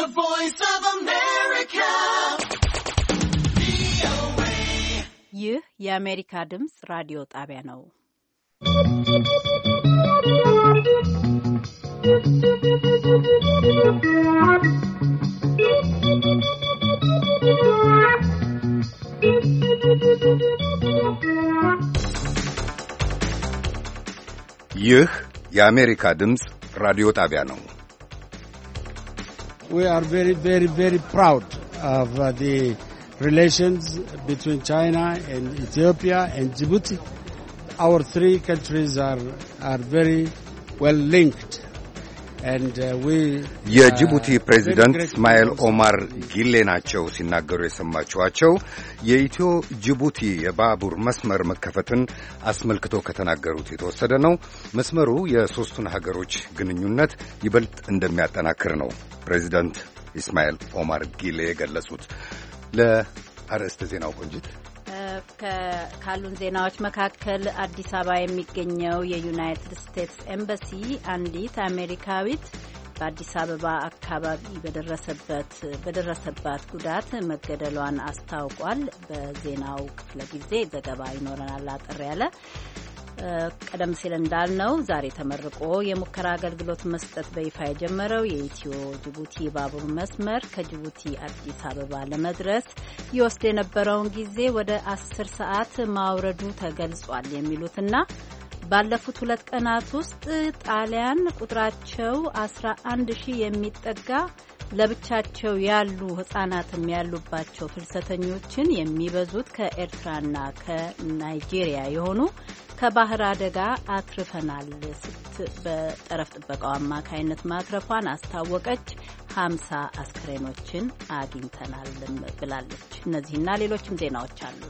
The Voice of America. ይህ የአሜሪካ ድምፅ ራዲዮ ጣቢያ ነው። ይህ የአሜሪካ ድምፅ ራዲዮ ጣቢያ ነው። we are very, very, very proud of uh, the relations between China and Ethiopia and Djibouti. Our three countries are, are very well linked. Uh, uh, የጅቡቲ ፕሬዚደንት እስማኤል ኦማር ጊሌ ናቸው ሲናገሩ የሰማችኋቸው። የኢትዮ ጅቡቲ የባቡር መስመር መከፈትን አስመልክቶ ከተናገሩት የተወሰደ ነው። መስመሩ የሦስቱን ሀገሮች ግንኙነት ይበልጥ እንደሚያጠናክር ነው ፕሬዚደንት እስማኤል ኦማር ጊሌ የገለጹት። ለአርዕስተ ዜናው ቆንጅት ካሉን ዜናዎች መካከል አዲስ አበባ የሚገኘው የዩናይትድ ስቴትስ ኤምባሲ አንዲት አሜሪካዊት በአዲስ አበባ አካባቢ በደረሰበት በደረሰባት ጉዳት መገደሏን አስታውቋል። በዜናው ክፍለ ጊዜ ዘገባ ይኖረናል አጠር ያለ ቀደም ሲል እንዳልነው ዛሬ ተመርቆ የሙከራ አገልግሎት መስጠት በይፋ የጀመረው የኢትዮ ጅቡቲ ባቡር መስመር ከጅቡቲ አዲስ አበባ ለመድረስ ይወስድ የነበረውን ጊዜ ወደ አስር ሰዓት ማውረዱ ተገልጿል የሚሉትና ባለፉት ሁለት ቀናት ውስጥ ጣሊያን ቁጥራቸው 11 ሺህ የሚጠጋ ለብቻቸው ያሉ ህጻናትም ያሉባቸው ፍልሰተኞችን የሚበዙት ከኤርትራና ከናይጄሪያ የሆኑ ከባህር አደጋ አትርፈናል ስት በጠረፍ ጥበቃው አማካይነት ማትረፏን አስታወቀች። ሀምሳ አስክሬኖችን አግኝተናል ብላለች። እነዚህና ሌሎችም ዜናዎች አሉ።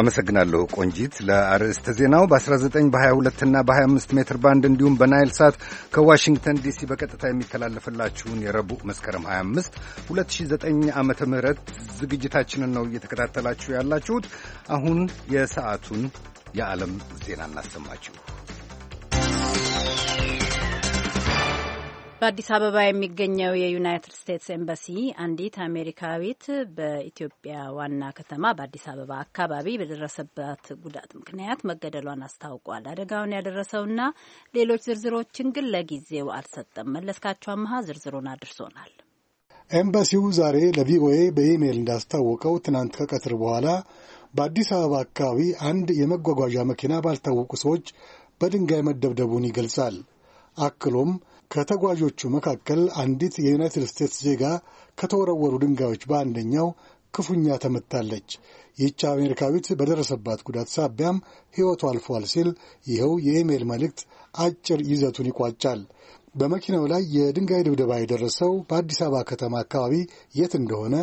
አመሰግናለሁ ቆንጂት። ለአርዕስተ ዜናው በ19 በ22ና በ25 ሜትር ባንድ እንዲሁም በናይል ሳት ከዋሽንግተን ዲሲ በቀጥታ የሚተላለፍላችሁን የረቡዕ መስከረም 25 2009 ዓ ም ዝግጅታችንን ነው እየተከታተላችሁ ያላችሁት። አሁን የሰዓቱን የዓለም ዜና እናሰማችሁ። በአዲስ አበባ የሚገኘው የዩናይትድ ስቴትስ ኤምባሲ አንዲት አሜሪካዊት በኢትዮጵያ ዋና ከተማ በአዲስ አበባ አካባቢ በደረሰባት ጉዳት ምክንያት መገደሏን አስታውቋል። አደጋውን ያደረሰውና ሌሎች ዝርዝሮችን ግን ለጊዜው አልሰጠም። መለስካቸው አመሀ ዝርዝሩን አድርሶናል። ኤምባሲው ዛሬ ለቪኦኤ በኢሜይል እንዳስታወቀው ትናንት ከቀትር በኋላ በአዲስ አበባ አካባቢ አንድ የመጓጓዣ መኪና ባልታወቁ ሰዎች በድንጋይ መደብደቡን ይገልጻል። አክሎም ከተጓዦቹ መካከል አንዲት የዩናይትድ ስቴትስ ዜጋ ከተወረወሩ ድንጋዮች በአንደኛው ክፉኛ ተመታለች። ይህች አሜሪካዊት በደረሰባት ጉዳት ሳቢያም ሕይወቱ አልፏል ሲል ይኸው የኢሜይል መልእክት አጭር ይዘቱን ይቋጫል። በመኪናው ላይ የድንጋይ ድብደባ የደረሰው በአዲስ አበባ ከተማ አካባቢ የት እንደሆነ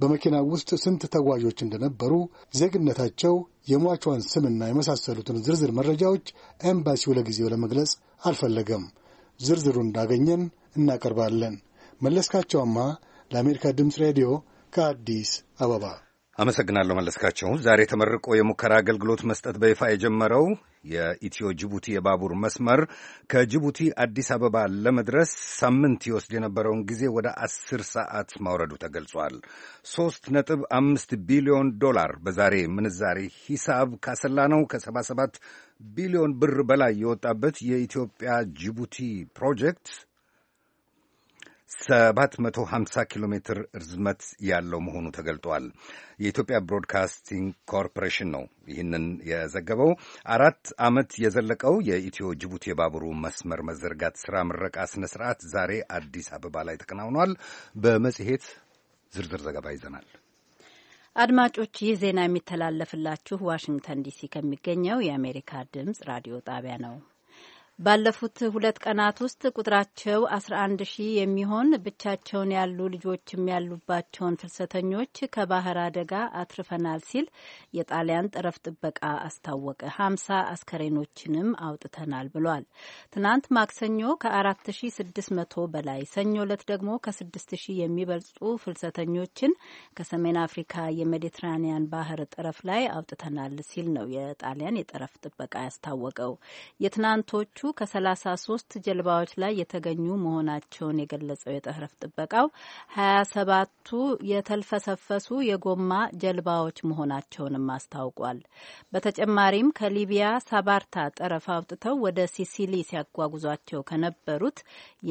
በመኪና ውስጥ ስንት ተጓዦች እንደነበሩ፣ ዜግነታቸው፣ የሟቿን ስምና የመሳሰሉትን ዝርዝር መረጃዎች ኤምባሲው ለጊዜው ለመግለጽ አልፈለገም። ዝርዝሩ እንዳገኘን እናቀርባለን። መለስካቸውማ ለአሜሪካ ድምፅ ሬዲዮ ከአዲስ አበባ አመሰግናለሁ መለስካቸው። ዛሬ ተመርቆ የሙከራ አገልግሎት መስጠት በይፋ የጀመረው የኢትዮ ጅቡቲ የባቡር መስመር ከጅቡቲ አዲስ አበባ ለመድረስ ሳምንት ይወስድ የነበረውን ጊዜ ወደ አስር ሰዓት ማውረዱ ተገልጿል። ሶስት ነጥብ አምስት ቢሊዮን ዶላር በዛሬ ምንዛሬ ሂሳብ ካሰላ ነው ከሰባ ሰባት ቢሊዮን ብር በላይ የወጣበት የኢትዮጵያ ጅቡቲ ፕሮጀክት 750 ኪሎ ሜትር ርዝመት ያለው መሆኑ ተገልጧል። የኢትዮጵያ ብሮድካስቲንግ ኮርፖሬሽን ነው ይህንን የዘገበው። አራት ዓመት የዘለቀው የኢትዮ ጅቡቲ የባቡሩ መስመር መዘርጋት ስራ ምረቃ ስነ ስርዓት ዛሬ አዲስ አበባ ላይ ተከናውኗል። በመጽሔት ዝርዝር ዘገባ ይዘናል። አድማጮች ይህ ዜና የሚተላለፍላችሁ ዋሽንግተን ዲሲ ከሚገኘው የአሜሪካ ድምፅ ራዲዮ ጣቢያ ነው። ባለፉት ሁለት ቀናት ውስጥ ቁጥራቸው 11 ሺህ የሚሆን ብቻቸውን ያሉ ልጆችም ያሉባቸውን ፍልሰተኞች ከባህር አደጋ አትርፈናል ሲል የጣሊያን ጠረፍ ጥበቃ አስታወቀ። 50 አስከሬኖችንም አውጥተናል ብሏል። ትናንት ማክሰኞ ከ4600 በላይ ሰኞ ዕለት ደግሞ ከ6000 የሚበልጡ ፍልሰተኞችን ከሰሜን አፍሪካ የሜዲትራኒያን ባህር ጠረፍ ላይ አውጥተናል ሲል ነው የጣሊያን የጠረፍ ጥበቃ ያስታወቀው የትናንቶቹ ከ33 ጀልባዎች ላይ የተገኙ መሆናቸውን የገለጸው የጠረፍ ጥበቃው 27ቱ የተልፈሰፈሱ የጎማ ጀልባዎች መሆናቸውንም አስታውቋል። በተጨማሪም ከሊቢያ ሳባርታ ጠረፍ አውጥተው ወደ ሲሲሊ ሲያጓጉዟቸው ከነበሩት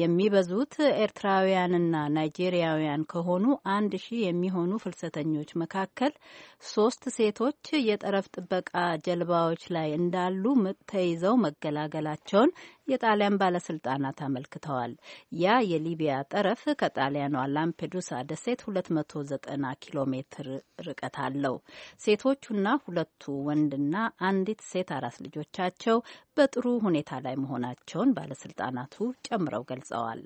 የሚበዙት ኤርትራውያንና ናይጄሪያውያን ከሆኑ አንድ ሺህ የሚሆኑ ፍልሰተኞች መካከል ሶስት ሴቶች የጠረፍ ጥበቃ ጀልባዎች ላይ እንዳሉ ተይዘው መገላገላቸው መሆናቸውን የጣሊያን ባለስልጣናት አመልክተዋል። ያ የሊቢያ ጠረፍ ከጣሊያኗ ላምፔዱሳ ደሴት 290 ኪሎ ሜትር ርቀት አለው። ሴቶቹና ሁለቱ ወንድና አንዲት ሴት አራት ልጆቻቸው በጥሩ ሁኔታ ላይ መሆናቸውን ባለስልጣናቱ ጨምረው ገልጸዋል።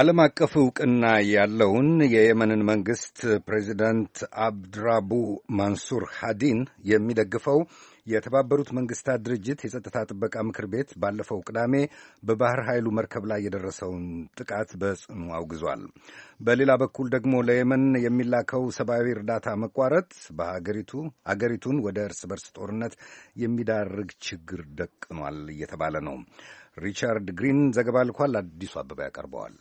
ዓለም አቀፍ እውቅና ያለውን የየመንን መንግሥት ፕሬዚዳንት አብድራቡ ማንሱር ሃዲን የሚደግፈው የተባበሩት መንግሥታት ድርጅት የጸጥታ ጥበቃ ምክር ቤት ባለፈው ቅዳሜ በባህር ኃይሉ መርከብ ላይ የደረሰውን ጥቃት በጽኑ አውግዟል። በሌላ በኩል ደግሞ ለየመን የሚላከው ሰብአዊ እርዳታ መቋረጥ በሀገሪቱ አገሪቱን ወደ እርስ በርስ ጦርነት የሚዳርግ ችግር ደቅኗል እየተባለ ነው። ሪቻርድ ግሪን ዘገባ ልኳል። አዲሱ አበባ ያቀርበዋል።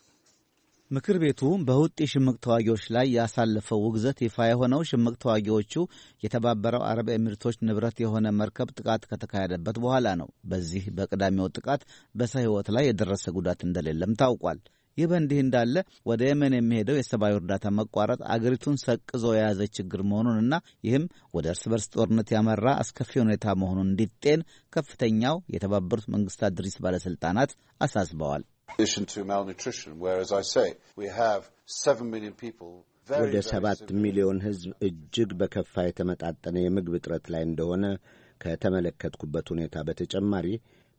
ምክር ቤቱ በሁጤ ሽምቅ ተዋጊዎች ላይ ያሳለፈው ውግዘት ይፋ የሆነው ሽምቅ ተዋጊዎቹ የተባበረው አረብ ኤሚሬቶች ንብረት የሆነ መርከብ ጥቃት ከተካሄደበት በኋላ ነው። በዚህ በቅዳሜው ጥቃት በሰው ሕይወት ላይ የደረሰ ጉዳት እንደሌለም ታውቋል። ይህ በእንዲህ እንዳለ ወደ የመን የሚሄደው የሰብአዊ እርዳታ መቋረጥ አገሪቱን ሰቅዞ የያዘ ችግር መሆኑንና ይህም ወደ እርስ በርስ ጦርነት ያመራ አስከፊ ሁኔታ መሆኑን እንዲጤን ከፍተኛው የተባበሩት መንግስታት ድርጅት ባለሥልጣናት አሳስበዋል። addition to malnutrition, where, as I say, we have 7 million people ወደ ሰባት ሚሊዮን ሕዝብ እጅግ በከፋ የተመጣጠነ የምግብ እጥረት ላይ እንደሆነ ከተመለከትኩበት ሁኔታ በተጨማሪ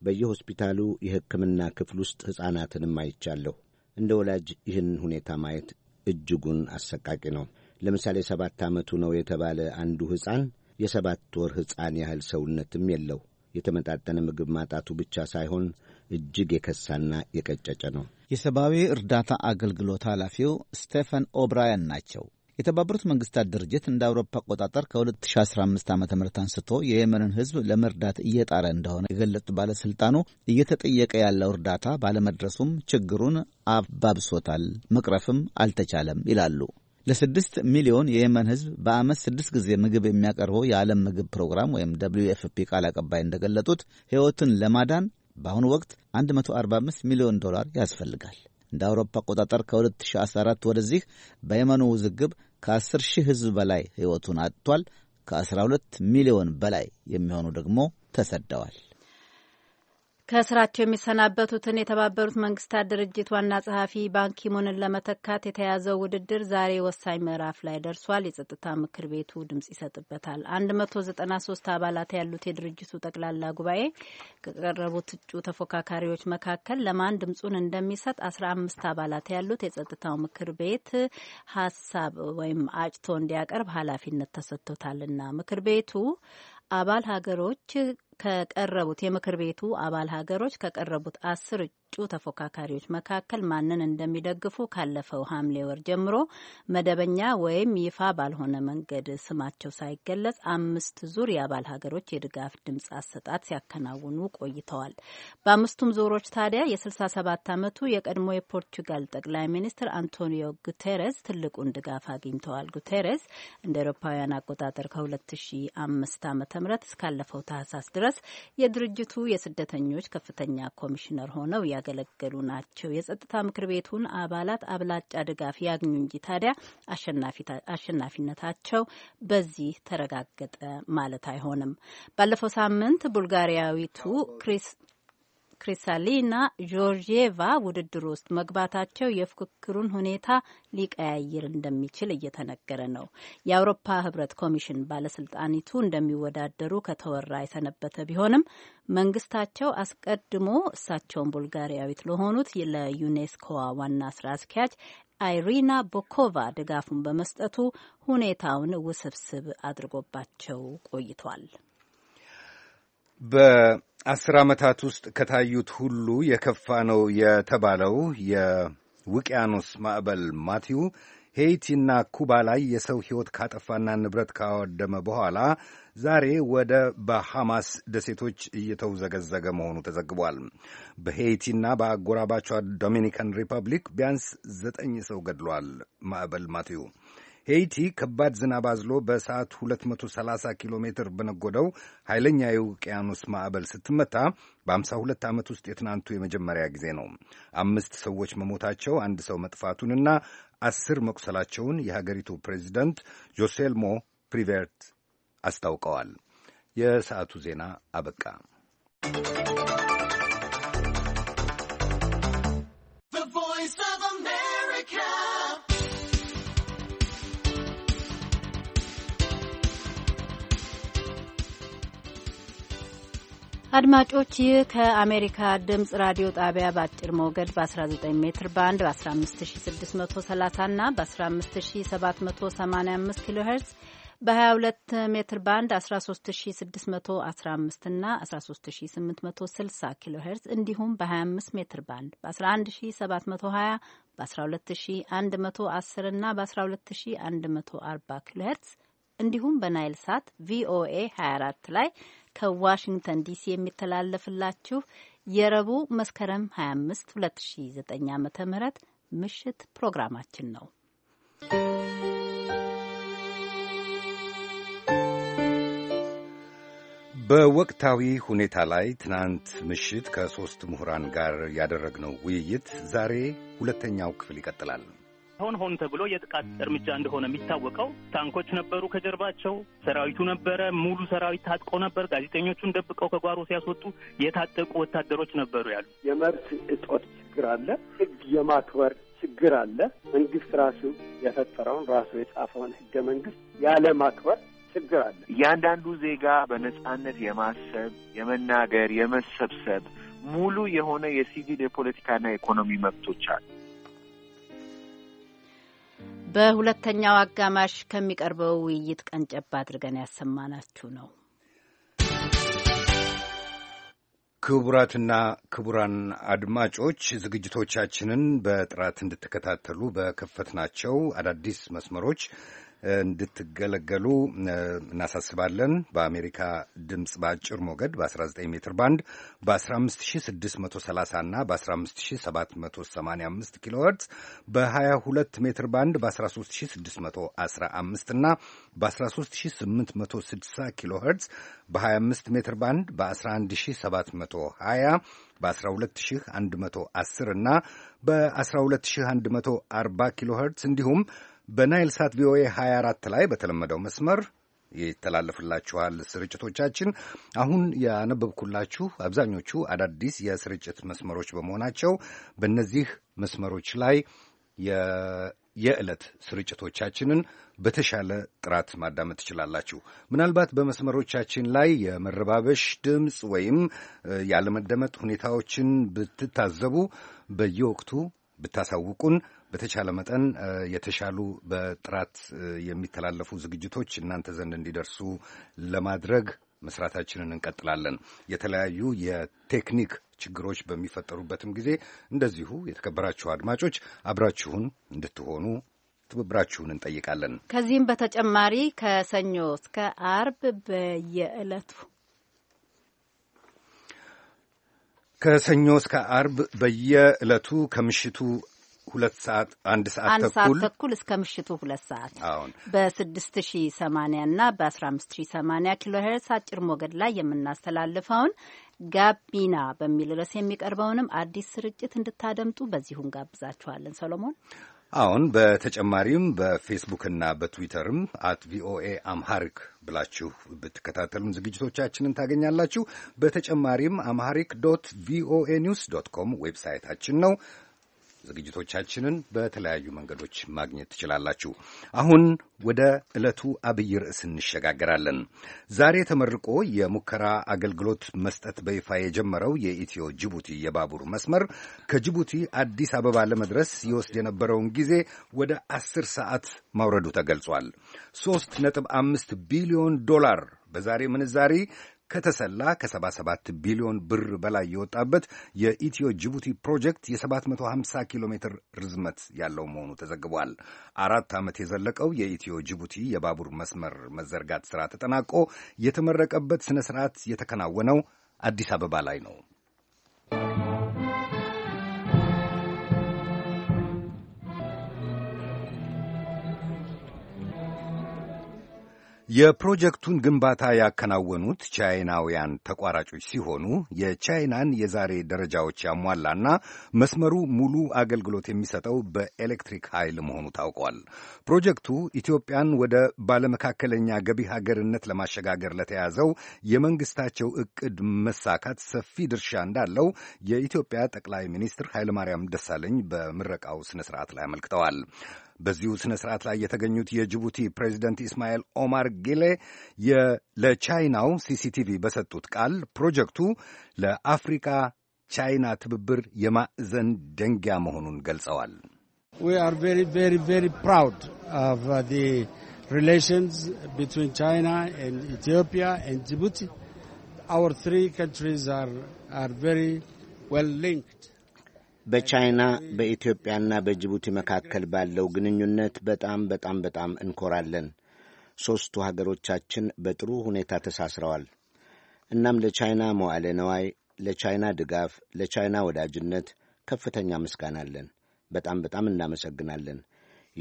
በየሆስፒታሉ የሕክምና ክፍል ውስጥ ሕፃናትንም አይቻለሁ። እንደ ወላጅ ይህን ሁኔታ ማየት እጅጉን አሰቃቂ ነው። ለምሳሌ ሰባት ዓመቱ ነው የተባለ አንዱ ሕፃን የሰባት ወር ሕፃን ያህል ሰውነትም የለው። የተመጣጠነ ምግብ ማጣቱ ብቻ ሳይሆን እጅግ የከሳና የቀጨጨ ነው። የሰብአዊ እርዳታ አገልግሎት ኃላፊው ስቴፈን ኦብራያን ናቸው። የተባበሩት መንግስታት ድርጅት እንደ አውሮፓ አቆጣጠር ከ2015 ዓ ም አንስቶ የየመንን ህዝብ ለመርዳት እየጣረ እንደሆነ የገለጡት ባለሥልጣኑ እየተጠየቀ ያለው እርዳታ ባለመድረሱም ችግሩን አባብሶታል፣ መቅረፍም አልተቻለም ይላሉ። ለስድስት ሚሊዮን የየመን ህዝብ በዓመት ስድስት ጊዜ ምግብ የሚያቀርበው የዓለም ምግብ ፕሮግራም ወይም ደብሊዩ ኤፍፒ ቃል አቀባይ እንደገለጡት ሕይወትን ለማዳን በአሁኑ ወቅት 145 ሚሊዮን ዶላር ያስፈልጋል። እንደ አውሮፓ አቆጣጠር ከ2014 ወደዚህ በየመኑ ውዝግብ ከ10 ሺህ ሕዝብ በላይ ሕይወቱን አጥቷል። ከ12 ሚሊዮን በላይ የሚሆኑ ደግሞ ተሰደዋል። ከስራቸው የሚሰናበቱትን የተባበሩት መንግስታት ድርጅት ዋና ጸሐፊ ባንኪሙንን ለመተካት የተያዘው ውድድር ዛሬ ወሳኝ ምዕራፍ ላይ ደርሷል። የጸጥታ ምክር ቤቱ ድምጽ ይሰጥበታል። 193 አባላት ያሉት የድርጅቱ ጠቅላላ ጉባኤ ከቀረቡት እጩ ተፎካካሪዎች መካከል ለማን ድምጹን እንደሚሰጥ 15 አባላት ያሉት የጸጥታው ምክር ቤት ሀሳብ ወይም አጭቶ እንዲያቀርብ ኃላፊነት ተሰጥቶታልና ምክር ቤቱ አባል ሀገሮች ከቀረቡት የምክር ቤቱ አባል ሀገሮች ከቀረቡት አስር ከእጩ ተፎካካሪዎች መካከል ማንን እንደሚደግፉ ካለፈው ሐምሌ ወር ጀምሮ መደበኛ ወይም ይፋ ባልሆነ መንገድ ስማቸው ሳይገለጽ አምስት ዙር የአባል ሀገሮች የድጋፍ ድምፅ አሰጣት ሲያከናውኑ ቆይተዋል። በአምስቱም ዙሮች ታዲያ የ67 ዓመቱ የቀድሞ የፖርቹጋል ጠቅላይ ሚኒስትር አንቶኒዮ ጉቴረስ ትልቁን ድጋፍ አግኝተዋል። ጉቴረስ እንደ አውሮፓውያን አቆጣጠር ከ2005 ዓ ም እስካለፈው ታህሳስ ድረስ የድርጅቱ የስደተኞች ከፍተኛ ኮሚሽነር ሆነው ያገለገሉ ናቸው። የጸጥታ ምክር ቤቱን አባላት አብላጫ ድጋፍ ያግኙ እንጂ ታዲያ አሸናፊነታቸው በዚህ ተረጋገጠ ማለት አይሆንም። ባለፈው ሳምንት ቡልጋሪያዊቱ ክሪስ ክሪሳሊና ጆርጂየቫ ውድድር ውስጥ መግባታቸው የፉክክሩን ሁኔታ ሊቀያይር እንደሚችል እየተነገረ ነው። የአውሮፓ ህብረት ኮሚሽን ባለስልጣኒቱ እንደሚወዳደሩ ከተወራ የሰነበተ ቢሆንም መንግስታቸው አስቀድሞ እሳቸውን ቡልጋሪያዊት ለሆኑት ለዩኔስኮዋ ዋና ስራ አስኪያጅ አይሪና ቦኮቫ ድጋፉን በመስጠቱ ሁኔታውን ውስብስብ አድርጎባቸው ቆይቷል። በአስር ዓመታት ውስጥ ከታዩት ሁሉ የከፋ ነው የተባለው የውቅያኖስ ማዕበል ማቲው ሄይቲና ኩባ ላይ የሰው ሕይወት ካጠፋና ንብረት ካወደመ በኋላ ዛሬ ወደ በሐማስ ደሴቶች እየተውዘገዘገ መሆኑ ተዘግቧል። በሄይቲና በአጎራባቿ ዶሚኒካን ሪፐብሊክ ቢያንስ ዘጠኝ ሰው ገድሏል ማዕበል ማቲው። ሄይቲ ከባድ ዝናብ አዝሎ በሰዓት 230 ኪሎ ሜትር በነጎደው ኃይለኛ የውቅያኖስ ማዕበል ስትመታ በ52 ዓመት ውስጥ የትናንቱ የመጀመሪያ ጊዜ ነው። አምስት ሰዎች መሞታቸው፣ አንድ ሰው መጥፋቱንና አስር መቁሰላቸውን የሀገሪቱ ፕሬዚደንት ጆሴልሞ ፕሪቬርት አስታውቀዋል። የሰዓቱ ዜና አበቃ። አድማጮች ይህ ከአሜሪካ ድምፅ ራዲዮ ጣቢያ በአጭር ሞገድ በ19 ሜትር ባንድ በ15630 እና በ15785 ኪሎ ሄርዝ በ22 ሜትር ባንድ 13615 እና 13860 ኪሎ ሄርዝ እንዲሁም በ25 ሜትር ባንድ በ11720 በ12110 እና በ12140 ኪሎ ሄርዝ እንዲሁም በናይል ሳት ቪኦኤ 24 ላይ ከዋሽንግተን ዲሲ የሚተላለፍላችሁ የረቡዕ መስከረም 25 2009 ዓ ም ምሽት ፕሮግራማችን ነው። በወቅታዊ ሁኔታ ላይ ትናንት ምሽት ከሦስት ምሁራን ጋር ያደረግነው ውይይት ዛሬ ሁለተኛው ክፍል ይቀጥላል። ሆን ሆን ተብሎ የጥቃት እርምጃ እንደሆነ የሚታወቀው ታንኮች ነበሩ፣ ከጀርባቸው ሰራዊቱ ነበረ፣ ሙሉ ሰራዊት ታጥቆ ነበር። ጋዜጠኞቹን ደብቀው ከጓሮ ሲያስወጡ የታጠቁ ወታደሮች ነበሩ። ያሉ የመብት እጦት ችግር አለ፣ ህግ የማክበር ችግር አለ። መንግስት ራሱ የፈጠረውን ራሱ የጻፈውን ህገ መንግስት ያለ ማክበር ችግር አለ። እያንዳንዱ ዜጋ በነጻነት የማሰብ የመናገር፣ የመሰብሰብ ሙሉ የሆነ የሲቪል የፖለቲካና የኢኮኖሚ መብቶች አሉ። በሁለተኛው አጋማሽ ከሚቀርበው ውይይት ቀንጨብ አድርገን ያሰማናችሁ ነው። ክቡራትና ክቡራን አድማጮች ዝግጅቶቻችንን በጥራት እንድትከታተሉ በከፈትናቸው አዳዲስ መስመሮች እንድትገለገሉ እናሳስባለን። በአሜሪካ ድምፅ በአጭር ሞገድ በ19 ሜትር ባንድ በ15630 እና በ15785 ኪሎ ሄርትዝ በ22 ሜትር ባንድ በ13615 እና በ13860 ኪሎ ሄርትዝ በ25 ሜትር ባንድ በ11720 በ12110 እና በ12140 ኪሎ ሄርትዝ እንዲሁም በናይል ሳት ቪኦኤ 24 ላይ በተለመደው መስመር ይተላለፍላችኋል። ስርጭቶቻችን አሁን ያነበብኩላችሁ አብዛኞቹ አዳዲስ የስርጭት መስመሮች በመሆናቸው በእነዚህ መስመሮች ላይ የዕለት ስርጭቶቻችንን በተሻለ ጥራት ማዳመጥ ትችላላችሁ። ምናልባት በመስመሮቻችን ላይ የመረባበሽ ድምፅ ወይም ያለመደመጥ ሁኔታዎችን ብትታዘቡ በየወቅቱ ብታሳውቁን በተቻለ መጠን የተሻሉ በጥራት የሚተላለፉ ዝግጅቶች እናንተ ዘንድ እንዲደርሱ ለማድረግ መስራታችንን እንቀጥላለን። የተለያዩ የቴክኒክ ችግሮች በሚፈጠሩበትም ጊዜ እንደዚሁ የተከበራችሁ አድማጮች አብራችሁን እንድትሆኑ ትብብራችሁን እንጠይቃለን። ከዚህም በተጨማሪ ከሰኞ እስከ አርብ በየዕለቱ ከሰኞ እስከ አርብ በየዕለቱ ከምሽቱ ሁለት ሰዓት አንድ ሰዓት ተኩል እስከ ምሽቱ ሁለት ሰዓት አሁን በስድስት ሺ ሰማንያ እና በአስራ አምስት ሺ ሰማንያ ኪሎ ሄርስ አጭር ሞገድ ላይ የምናስተላልፈውን ጋቢና በሚል ርዕስ የሚቀርበውንም አዲስ ስርጭት እንድታደምጡ በዚሁ እንጋብዛችኋለን። ሰሎሞን አሁን በተጨማሪም በፌስቡክና በትዊተርም አት ቪኦኤ አምሃሪክ ብላችሁ ብትከታተሉን ዝግጅቶቻችንን ታገኛላችሁ። በተጨማሪም አምሃሪክ ዶት ቪኦኤ ኒውስ ዶት ኮም ዌብሳይታችን ነው። ዝግጅቶቻችንን በተለያዩ መንገዶች ማግኘት ትችላላችሁ። አሁን ወደ ዕለቱ አብይ ርዕስ እንሸጋገራለን። ዛሬ ተመርቆ የሙከራ አገልግሎት መስጠት በይፋ የጀመረው የኢትዮ ጅቡቲ የባቡር መስመር ከጅቡቲ አዲስ አበባ ለመድረስ ይወስድ የነበረውን ጊዜ ወደ አስር ሰዓት ማውረዱ ተገልጿል። ሦስት ነጥብ አምስት ቢሊዮን ዶላር በዛሬ ምንዛሪ ከተሰላ ከ77 ቢሊዮን ብር በላይ የወጣበት የኢትዮ ጅቡቲ ፕሮጀክት የ750 ኪሎ ሜትር ርዝመት ያለው መሆኑ ተዘግቧል። አራት ዓመት የዘለቀው የኢትዮ ጅቡቲ የባቡር መስመር መዘርጋት ሥራ ተጠናቆ የተመረቀበት ሥነ ሥርዓት የተከናወነው አዲስ አበባ ላይ ነው። የፕሮጀክቱን ግንባታ ያከናወኑት ቻይናውያን ተቋራጮች ሲሆኑ የቻይናን የዛሬ ደረጃዎች ያሟላና መስመሩ ሙሉ አገልግሎት የሚሰጠው በኤሌክትሪክ ኃይል መሆኑ ታውቋል። ፕሮጀክቱ ኢትዮጵያን ወደ ባለመካከለኛ ገቢ ሀገርነት ለማሸጋገር ለተያዘው የመንግስታቸው እቅድ መሳካት ሰፊ ድርሻ እንዳለው የኢትዮጵያ ጠቅላይ ሚኒስትር ኃይለማርያም ደሳለኝ በምረቃው ስነ ስርዓት ላይ አመልክተዋል። በዚሁ ስነ ስርዓት ላይ የተገኙት የጅቡቲ ፕሬዚደንት ኢስማኤል ኦማር ጌሌ ለቻይናው ሲሲቲቪ በሰጡት ቃል ፕሮጀክቱ ለአፍሪካ ቻይና ትብብር የማዕዘን ደንጊያ መሆኑን ገልጸዋል። uh, relations between China and Ethiopia and Djibouti. Our three countries are, are very well linked. በቻይና በኢትዮጵያና በጅቡቲ መካከል ባለው ግንኙነት በጣም በጣም በጣም እንኮራለን። ሦስቱ ሀገሮቻችን በጥሩ ሁኔታ ተሳስረዋል። እናም ለቻይና መዋለ ነዋይ፣ ለቻይና ድጋፍ፣ ለቻይና ወዳጅነት ከፍተኛ ምስጋና አለን። በጣም በጣም እናመሰግናለን።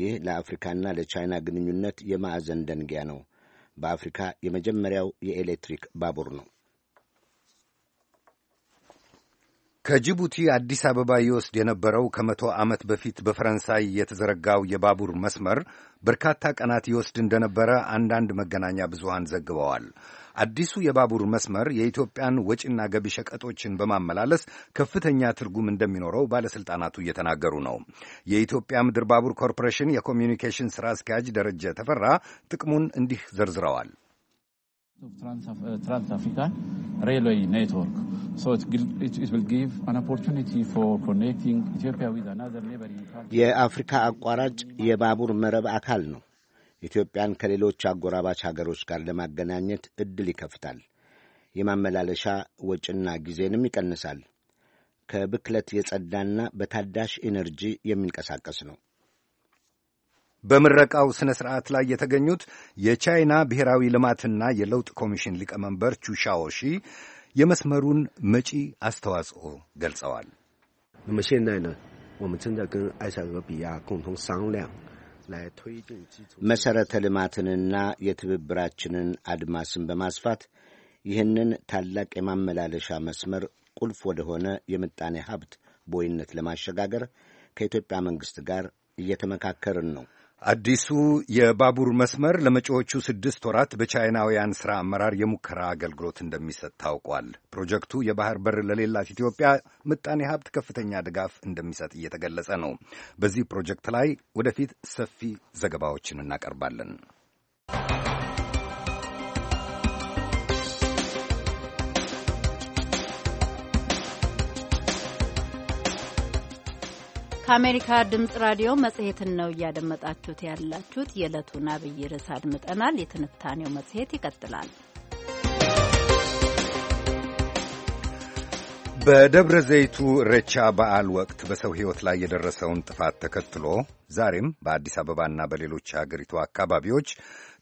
ይህ ለአፍሪካና ለቻይና ግንኙነት የማዕዘን ደንጊያ ነው። በአፍሪካ የመጀመሪያው የኤሌክትሪክ ባቡር ነው። ከጅቡቲ አዲስ አበባ ይወስድ የነበረው ከመቶ ዓመት በፊት በፈረንሳይ የተዘረጋው የባቡር መስመር በርካታ ቀናት ይወስድ እንደነበረ አንዳንድ መገናኛ ብዙሃን ዘግበዋል። አዲሱ የባቡር መስመር የኢትዮጵያን ወጪና ገቢ ሸቀጦችን በማመላለስ ከፍተኛ ትርጉም እንደሚኖረው ባለሥልጣናቱ እየተናገሩ ነው። የኢትዮጵያ ምድር ባቡር ኮርፖሬሽን የኮሚኒኬሽን ሥራ አስኪያጅ ደረጀ ተፈራ ጥቅሙን እንዲህ ዘርዝረዋል። ትራንስ አፍሪካን ኔትወርክ የአፍሪካ አቋራጭ የባቡር መረብ አካል ነው። ኢትዮጵያን ከሌሎች አጎራባች ሀገሮች ጋር ለማገናኘት ዕድል ይከፍታል። የማመላለሻ ወጪና ጊዜንም ይቀንሳል። ከብክለት የጸዳና በታዳሽ ኤነርጂ የሚንቀሳቀስ ነው። በምረቃው ሥነ ሥርዓት ላይ የተገኙት የቻይና ብሔራዊ ልማትና የለውጥ ኮሚሽን ሊቀመንበር ቹሻዎሺ የመስመሩን መጪ አስተዋጽኦ ገልጸዋል። መሠረተ ልማትንና የትብብራችንን አድማስን በማስፋት ይህንን ታላቅ የማመላለሻ መስመር ቁልፍ ወደሆነ የምጣኔ ሀብት ቦይነት ለማሸጋገር ከኢትዮጵያ መንግሥት ጋር እየተመካከርን ነው። አዲሱ የባቡር መስመር ለመጪዎቹ ስድስት ወራት በቻይናውያን ሥራ አመራር የሙከራ አገልግሎት እንደሚሰጥ ታውቋል። ፕሮጀክቱ የባህር በር ለሌላት ኢትዮጵያ ምጣኔ ሀብት ከፍተኛ ድጋፍ እንደሚሰጥ እየተገለጸ ነው። በዚህ ፕሮጀክት ላይ ወደፊት ሰፊ ዘገባዎችን እናቀርባለን። ከአሜሪካ ድምፅ ራዲዮ መጽሔትን ነው እያደመጣችሁት ያላችሁት። የዕለቱን አብይ ርዕስ አድምጠናል። የትንታኔው መጽሔት ይቀጥላል። በደብረ ዘይቱ ሬቻ በዓል ወቅት በሰው ሕይወት ላይ የደረሰውን ጥፋት ተከትሎ ዛሬም በአዲስ አበባና በሌሎች የአገሪቱ አካባቢዎች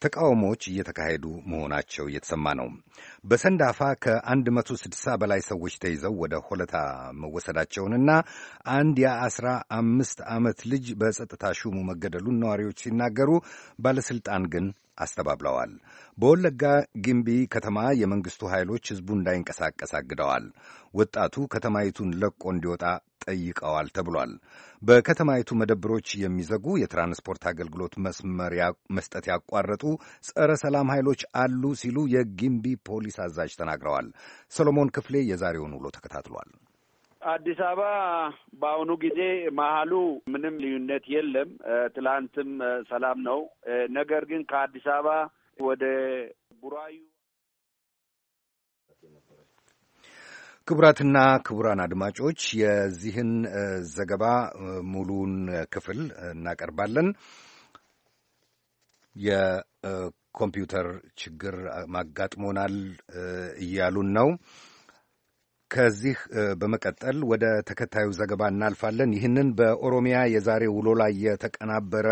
ተቃውሞዎች እየተካሄዱ መሆናቸው እየተሰማ ነው። በሰንዳፋ ከ160 በላይ ሰዎች ተይዘው ወደ ሆለታ መወሰዳቸውንና አንድ የአስራ አምስት ዓመት ልጅ በጸጥታ ሹሙ መገደሉን ነዋሪዎች ሲናገሩ ባለሥልጣን ግን አስተባብለዋል። በወለጋ ጊምቢ ከተማ የመንግሥቱ ኃይሎች ሕዝቡ እንዳይንቀሳቀስ አግደዋል። ወጣቱ ከተማይቱን ለቆ እንዲወጣ ጠይቀዋል ተብሏል። በከተማይቱ መደብሮች የሚዘጉ የትራንስፖርት አገልግሎት መስመር መስጠት ያቋረጡ ጸረ ሰላም ኃይሎች አሉ ሲሉ የጊምቢ ፖሊስ አዛዥ ተናግረዋል። ሰሎሞን ክፍሌ የዛሬውን ውሎ ተከታትሏል። አዲስ አበባ በአሁኑ ጊዜ መሀሉ ምንም ልዩነት የለም። ትላንትም ሰላም ነው። ነገር ግን ከአዲስ አበባ ወደ ቡራዩ ክቡራትና ክቡራን አድማጮች የዚህን ዘገባ ሙሉውን ክፍል እናቀርባለን። የኮምፒውተር ችግር ማጋጥሞናል እያሉን ነው። ከዚህ በመቀጠል ወደ ተከታዩ ዘገባ እናልፋለን። ይህንን በኦሮሚያ የዛሬ ውሎ ላይ የተቀናበረ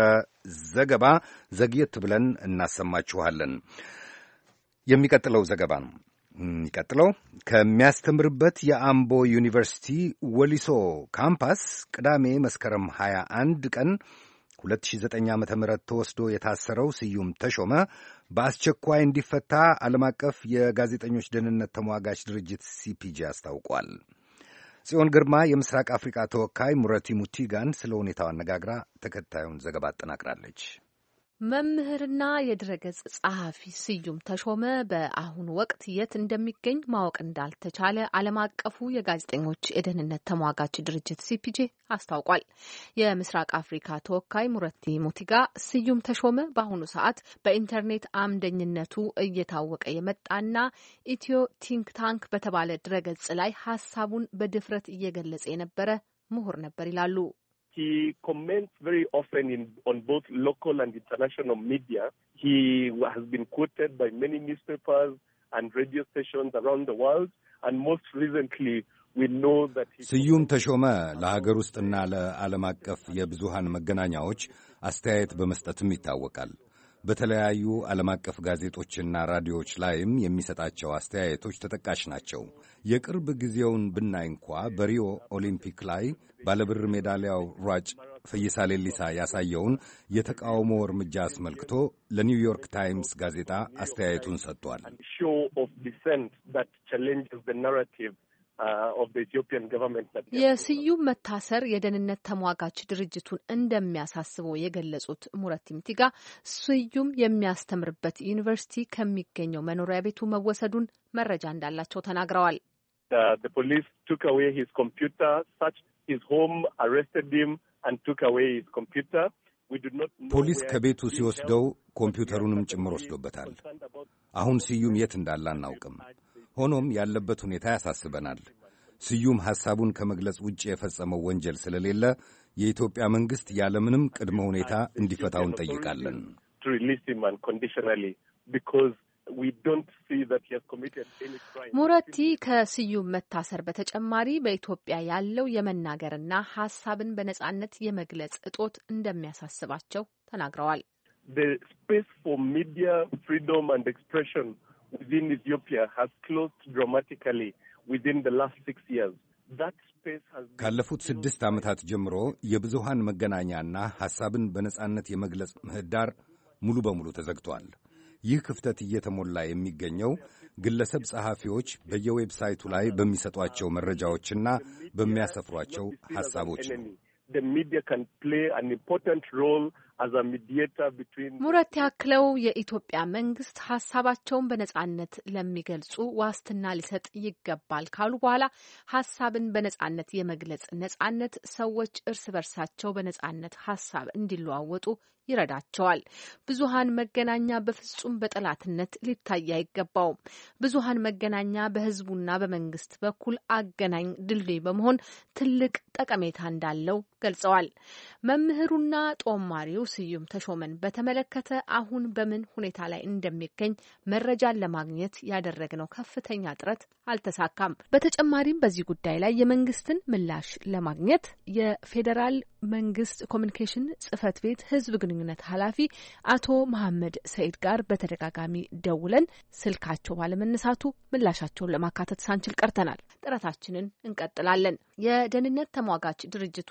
ዘገባ ዘግየት ብለን እናሰማችኋለን። የሚቀጥለው ዘገባ ነው። ቀጥሎ ከሚያስተምርበት የአምቦ ዩኒቨርሲቲ ወሊሶ ካምፓስ ቅዳሜ መስከረም 21 ቀን 2009 ዓ ም ተወስዶ የታሰረው ስዩም ተሾመ በአስቸኳይ እንዲፈታ ዓለም አቀፍ የጋዜጠኞች ደህንነት ተሟጋች ድርጅት ሲፒጂ አስታውቋል። ጽዮን ግርማ የምስራቅ አፍሪቃ ተወካይ ሙረቲ ሙቲጋን ስለ ሁኔታው አነጋግራ ተከታዩን ዘገባ አጠናቅራለች። መምህርና የድረገጽ ጸሐፊ ስዩም ተሾመ በአሁኑ ወቅት የት እንደሚገኝ ማወቅ እንዳልተቻለ ዓለም አቀፉ የጋዜጠኞች የደህንነት ተሟጋች ድርጅት ሲፒጄ አስታውቋል። የምስራቅ አፍሪካ ተወካይ ሙረቲ ሙቲጋ ስዩም ተሾመ በአሁኑ ሰዓት በኢንተርኔት አምደኝነቱ እየታወቀ የመጣና ኢትዮ ቲንክ ታንክ በተባለ ድረገጽ ላይ ሀሳቡን በድፍረት እየገለጸ የነበረ ምሁር ነበር ይላሉ። He comments very often in, on both local and international media. He has been quoted by many newspapers and radio stations around the world. And most recently, we know that he ስዩም ተሾመ ለሀገር ውስጥና ለዓለም አቀፍ የብዙሃን መገናኛዎች አስተያየት በመስጠትም ይታወቃል። በተለያዩ ዓለም አቀፍ ጋዜጦችና ራዲዮዎች ላይም የሚሰጣቸው አስተያየቶች ተጠቃሽ ናቸው። የቅርብ ጊዜውን ብናይ እንኳ በሪዮ ኦሊምፒክ ላይ ባለብር ሜዳሊያው ሯጭ ፈይሳ ሌሊሳ ያሳየውን የተቃውሞ እርምጃ አስመልክቶ ለኒውዮርክ ታይምስ ጋዜጣ አስተያየቱን ሰጥቷል። Uh, የስዩም መታሰር የደህንነት ተሟጋች ድርጅቱን እንደሚያሳስበው የገለጹት ሙረት ምቲጋ ስዩም የሚያስተምርበት ዩኒቨርሲቲ ከሚገኘው መኖሪያ ቤቱ መወሰዱን መረጃ እንዳላቸው ተናግረዋል። uh, ፖሊስ ፖሊስ ከቤቱ ሲወስደው ኮምፒውተሩንም ጭምር ወስዶበታል። አሁን ስዩም የት እንዳለ አናውቅም። ሆኖም ያለበት ሁኔታ ያሳስበናል። ስዩም ሐሳቡን ከመግለጽ ውጭ የፈጸመው ወንጀል ስለሌለ የኢትዮጵያ መንግሥት ያለምንም ቅድመ ሁኔታ እንዲፈታው እንጠይቃለን። ሙረቲ ከስዩም መታሰር በተጨማሪ በኢትዮጵያ ያለው የመናገርና ሀሳብን በነጻነት የመግለጽ እጦት እንደሚያሳስባቸው ተናግረዋል። within Ethiopia has closed dramatically within the last six years. ካለፉት ስድስት ዓመታት ጀምሮ የብዙሃን መገናኛና ሐሳብን በነጻነት የመግለጽ ምህዳር ሙሉ በሙሉ ተዘግቷል። ይህ ክፍተት እየተሞላ የሚገኘው ግለሰብ ጸሐፊዎች በየዌብሳይቱ ላይ በሚሰጧቸው መረጃዎችና በሚያሰፍሯቸው ሐሳቦች ነው። ሙረት ያክለው የኢትዮጵያ መንግስት ሀሳባቸውን በነጻነት ለሚገልጹ ዋስትና ሊሰጥ ይገባል ካሉ በኋላ ሀሳብን በነጻነት የመግለጽ ነጻነት ሰዎች እርስ በርሳቸው በነጻነት ሀሳብ እንዲለዋወጡ ይረዳቸዋል። ብዙሃን መገናኛ በፍጹም በጠላትነት ሊታይ አይገባውም። ብዙሃን መገናኛ በህዝቡና በመንግስት በኩል አገናኝ ድልድይ በመሆን ትልቅ ጠቀሜታ እንዳለው ገልጸዋል። መምህሩና ጦማሪው ስዩም ተሾመን በተመለከተ አሁን በምን ሁኔታ ላይ እንደሚገኝ መረጃን ለማግኘት ያደረግነው ከፍተኛ ጥረት አልተሳካም። በተጨማሪም በዚህ ጉዳይ ላይ የመንግስትን ምላሽ ለማግኘት የፌዴራል መንግስት ኮሚኒኬሽን ጽህፈት ቤት ህዝብ ግንኙነት ኃላፊ አቶ መሐመድ ሰኢድ ጋር በተደጋጋሚ ደውለን ስልካቸው ባለመነሳቱ ምላሻቸውን ለማካተት ሳንችል ቀርተናል። ጥረታችንን እንቀጥላለን። የደህንነት ተሟጋች ድርጅቱ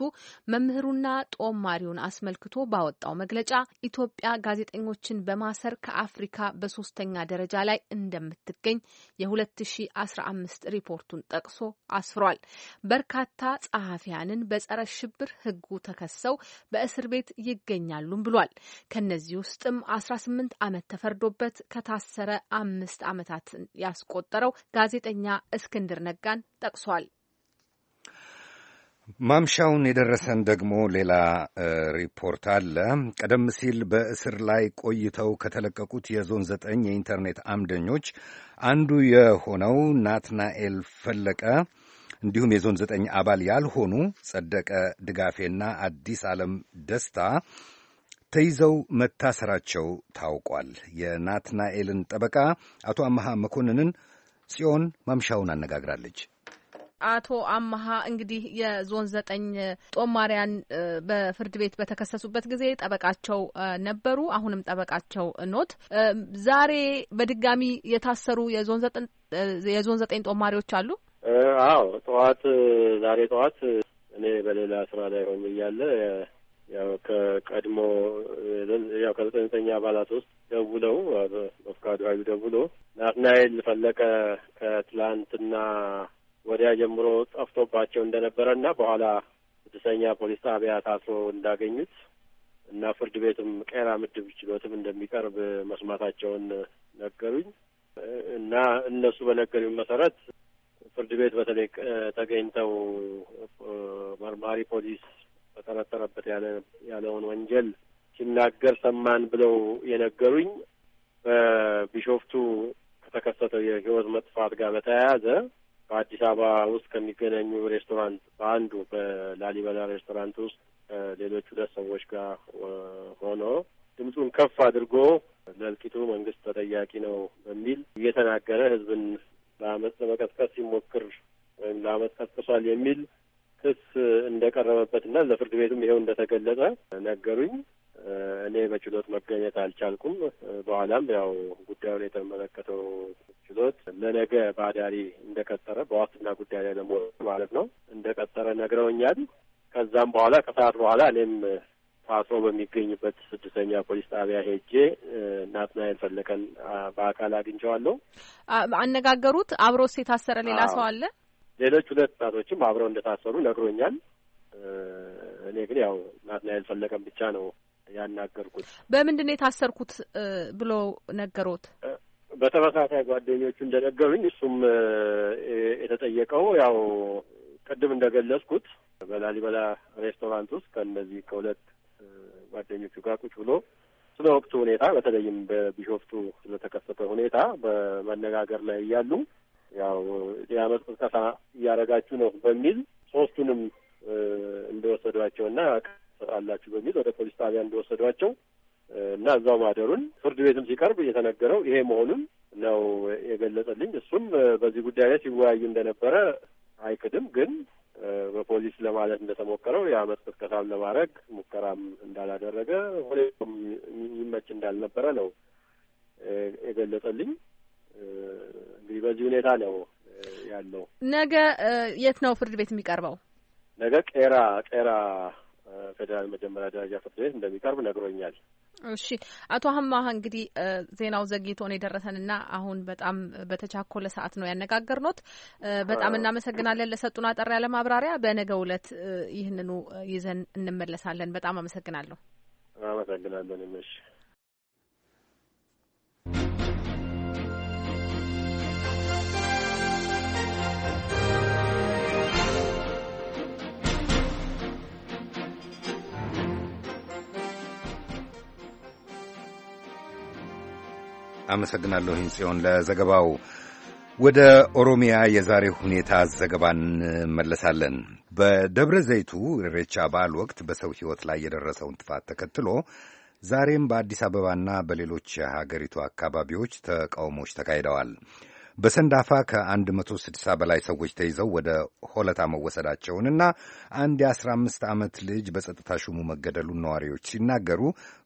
መምህሩና ጦማሪውን አስመልክቶ ባወጣው መግለጫ ኢትዮጵያ ጋዜጠኞችን በማሰር ከአፍሪካ በሶስተኛ ደረጃ ላይ እንደምትገኝ የ2015 ሪፖርቱን ጠቅሶ አስፍሯል። በርካታ ጸሐፊያንን በጸረ ሽብር ህጉ ተከሰው በእስር ቤት ይገኛሉም ብሏል። ከነዚህ ውስጥም 18 ዓመት ተፈርዶበት ከታሰረ አምስት ዓመታት ያስቆጠረው ጋዜጠኛ እስክንድር ነጋን ጠቅሷል። ማምሻውን የደረሰን ደግሞ ሌላ ሪፖርት አለ። ቀደም ሲል በእስር ላይ ቆይተው ከተለቀቁት የዞን ዘጠኝ የኢንተርኔት አምደኞች አንዱ የሆነው ናትናኤል ፈለቀ እንዲሁም የዞን ዘጠኝ አባል ያልሆኑ ጸደቀ ድጋፌና አዲስ ዓለም ደስታ ተይዘው መታሰራቸው ታውቋል። የናትናኤልን ጠበቃ አቶ አመሃ መኮንንን ጽዮን ማምሻውን አነጋግራለች። አቶ አመሀ እንግዲህ የዞን ዘጠኝ ጦማሪያን በፍርድ ቤት በተከሰሱበት ጊዜ ጠበቃቸው ነበሩ። አሁንም ጠበቃቸው ኖት። ዛሬ በድጋሚ የታሰሩ የዞን ዘጠኝ ጦማሪዎች አሉ። አዎ ጠዋት ዛሬ ጠዋት እኔ በሌላ ስራ ላይ ሆኜ እያለ ያው ከቀድሞ ያው ከዘጠኝተኛ አባላት ውስጥ ደውለው በፍቃዱ ኃይሉ ደውሎ ናትናኤል ፈለቀ ከትላንትና ወዲያ ጀምሮ ጠፍቶባቸው እንደነበረ እና በኋላ ስድስተኛ ፖሊስ ጣቢያ ታስሮ እንዳገኙት እና ፍርድ ቤትም ቄራ ምድብ ችሎትም እንደሚቀርብ መስማታቸውን ነገሩኝ እና እነሱ በነገሩኝ መሰረት ፍርድ ቤት በተለይ ተገኝተው መርማሪ ፖሊስ በጠረጠረበት ያለ ያለውን ወንጀል ሲናገር ሰማን ብለው የነገሩኝ በቢሾፍቱ ከተከሰተው የህይወት መጥፋት ጋር በተያያዘ በአዲስ አበባ ውስጥ ከሚገናኙ ሬስቶራንት በአንዱ በላሊበላ ሬስቶራንት ውስጥ ከሌሎች ሁለት ሰዎች ጋር ሆኖ ድምፁን ከፍ አድርጎ ለእልቂቱ መንግስት ተጠያቂ ነው በሚል እየተናገረ ህዝብን ። ለአመፅ ለመቀስቀስ ሲሞክር ወይም ለአመፅ ቀስቅሷል የሚል ክስ እንደቀረበበትና ለፍርድ ቤቱም ይሄው እንደተገለጸ ነገሩኝ። እኔ በችሎት መገኘት አልቻልኩም። በኋላም ያው ጉዳዩን የተመለከተው ችሎት ለነገ ባዳሪ እንደቀጠረ በዋስትና ጉዳይ ላይ ለመሆ ማለት ነው እንደቀጠረ ነግረውኛል። ከዛም በኋላ ከሰዓት በኋላ እኔም ፓትሮ በሚገኝበት ስድስተኛ ፖሊስ ጣቢያ ሄጄ ናትናኤል ፈለቀን በአካል አግኝቸዋለሁ። አነጋገሩት። ስ የታሰረ ሌላ ሰው አለ? ሌሎች ሁለት ጣቶችም አብረው እንደታሰሩ ነግሮኛል። እኔ ግን ያው ናትናኤል ፈለቀን ብቻ ነው ያናገርኩት። በምንድን ነው የታሰርኩት ብሎ ነገሮት? በተመሳሳይ ጓደኞቹ እንደነገሩኝ እሱም የተጠየቀው ያው ቅድም እንደገለጽኩት በላሊበላ ሬስቶራንት ውስጥ ከእነዚህ ከሁለት ጓደኞቹ ጋር ቁጭ ብሎ ስለ ወቅቱ ሁኔታ በተለይም በቢሾፍቱ ስለተከሰተ ሁኔታ በመነጋገር ላይ እያሉ ያው የአመት ቅስቀሳ እያደረጋችሁ ነው በሚል ሶስቱንም እንደወሰዷቸውና አላችሁ በሚል ወደ ፖሊስ ጣቢያ እንደወሰዷቸው እና እዛው ማደሩን ፍርድ ቤትም ሲቀርብ እየተነገረው ይሄ መሆኑን ነው የገለጸልኝ። እሱም በዚህ ጉዳይ ላይ ሲወያዩ እንደነበረ አይክድም፣ ግን በፖሊስ ለማለት እንደተሞከረው የአመት ቅስቀሳም ለማድረግ ሙከራም እንዳላደረገ ሁኔታውም የሚመች እንዳልነበረ ነው የገለጸልኝ። እንግዲህ በዚህ ሁኔታ ነው ያለው። ነገ የት ነው ፍርድ ቤት የሚቀርበው? ነገ ቄራ ቄራ ፌዴራል መጀመሪያ ደረጃ ፍርድ ቤት እንደሚቀርብ ነግሮኛል። እሺ አቶ ሀማህ እንግዲህ ዜናው ዘግይቶ ነው የደረሰንና አሁን በጣም በተቻኮለ ሰዓት ነው ያነጋገርኖት። በጣም እናመሰግናለን ለሰጡን አጠር ያለ ማብራሪያ። በነገው ዕለት ይህንኑ ይዘን እንመለሳለን። በጣም አመሰግናለሁ። አመሰግናለን። አመሰግናለሁኝ ጽዮን ለዘገባው። ወደ ኦሮሚያ የዛሬ ሁኔታ ዘገባ እንመለሳለን። በደብረ ዘይቱ ኢሬቻ በዓል ወቅት በሰው ሕይወት ላይ የደረሰውን ጥፋት ተከትሎ ዛሬም በአዲስ አበባና በሌሎች የሀገሪቱ አካባቢዎች ተቃውሞዎች ተካሂደዋል። በሰንዳፋ ከ160 በላይ ሰዎች ተይዘው ወደ ሆለታ መወሰዳቸውንና አንድ የ15 ዓመት ልጅ በጸጥታ ሹሙ መገደሉን ነዋሪዎች ሲናገሩ፣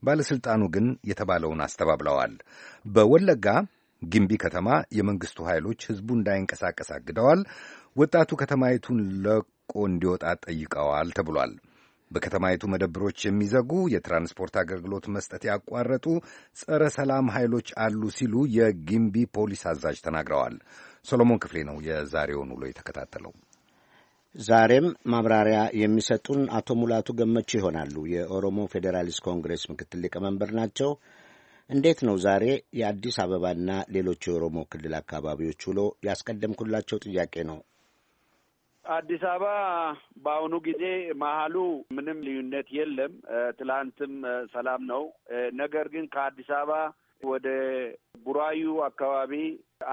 ባለሥልጣኑ ግን የተባለውን አስተባብለዋል። በወለጋ ግንቢ ከተማ የመንግሥቱ ኃይሎች ሕዝቡ እንዳይንቀሳቀስ አግደዋል። ወጣቱ ከተማይቱን ለቆ እንዲወጣ ጠይቀዋል ተብሏል። በከተማይቱ መደብሮች የሚዘጉ የትራንስፖርት አገልግሎት መስጠት ያቋረጡ ጸረ ሰላም ኃይሎች አሉ ሲሉ የጊምቢ ፖሊስ አዛዥ ተናግረዋል። ሰሎሞን ክፍሌ ነው የዛሬውን ውሎ የተከታተለው። ዛሬም ማብራሪያ የሚሰጡን አቶ ሙላቱ ገመቹ ይሆናሉ። የኦሮሞ ፌዴራሊስት ኮንግሬስ ምክትል ሊቀመንበር ናቸው። እንዴት ነው ዛሬ የአዲስ አበባና ሌሎች የኦሮሞ ክልል አካባቢዎች ውሎ? ያስቀደምኩላቸው ጥያቄ ነው አዲስ አበባ በአሁኑ ጊዜ መሀሉ ምንም ልዩነት የለም። ትላንትም ሰላም ነው። ነገር ግን ከአዲስ አበባ ወደ ቡራዩ አካባቢ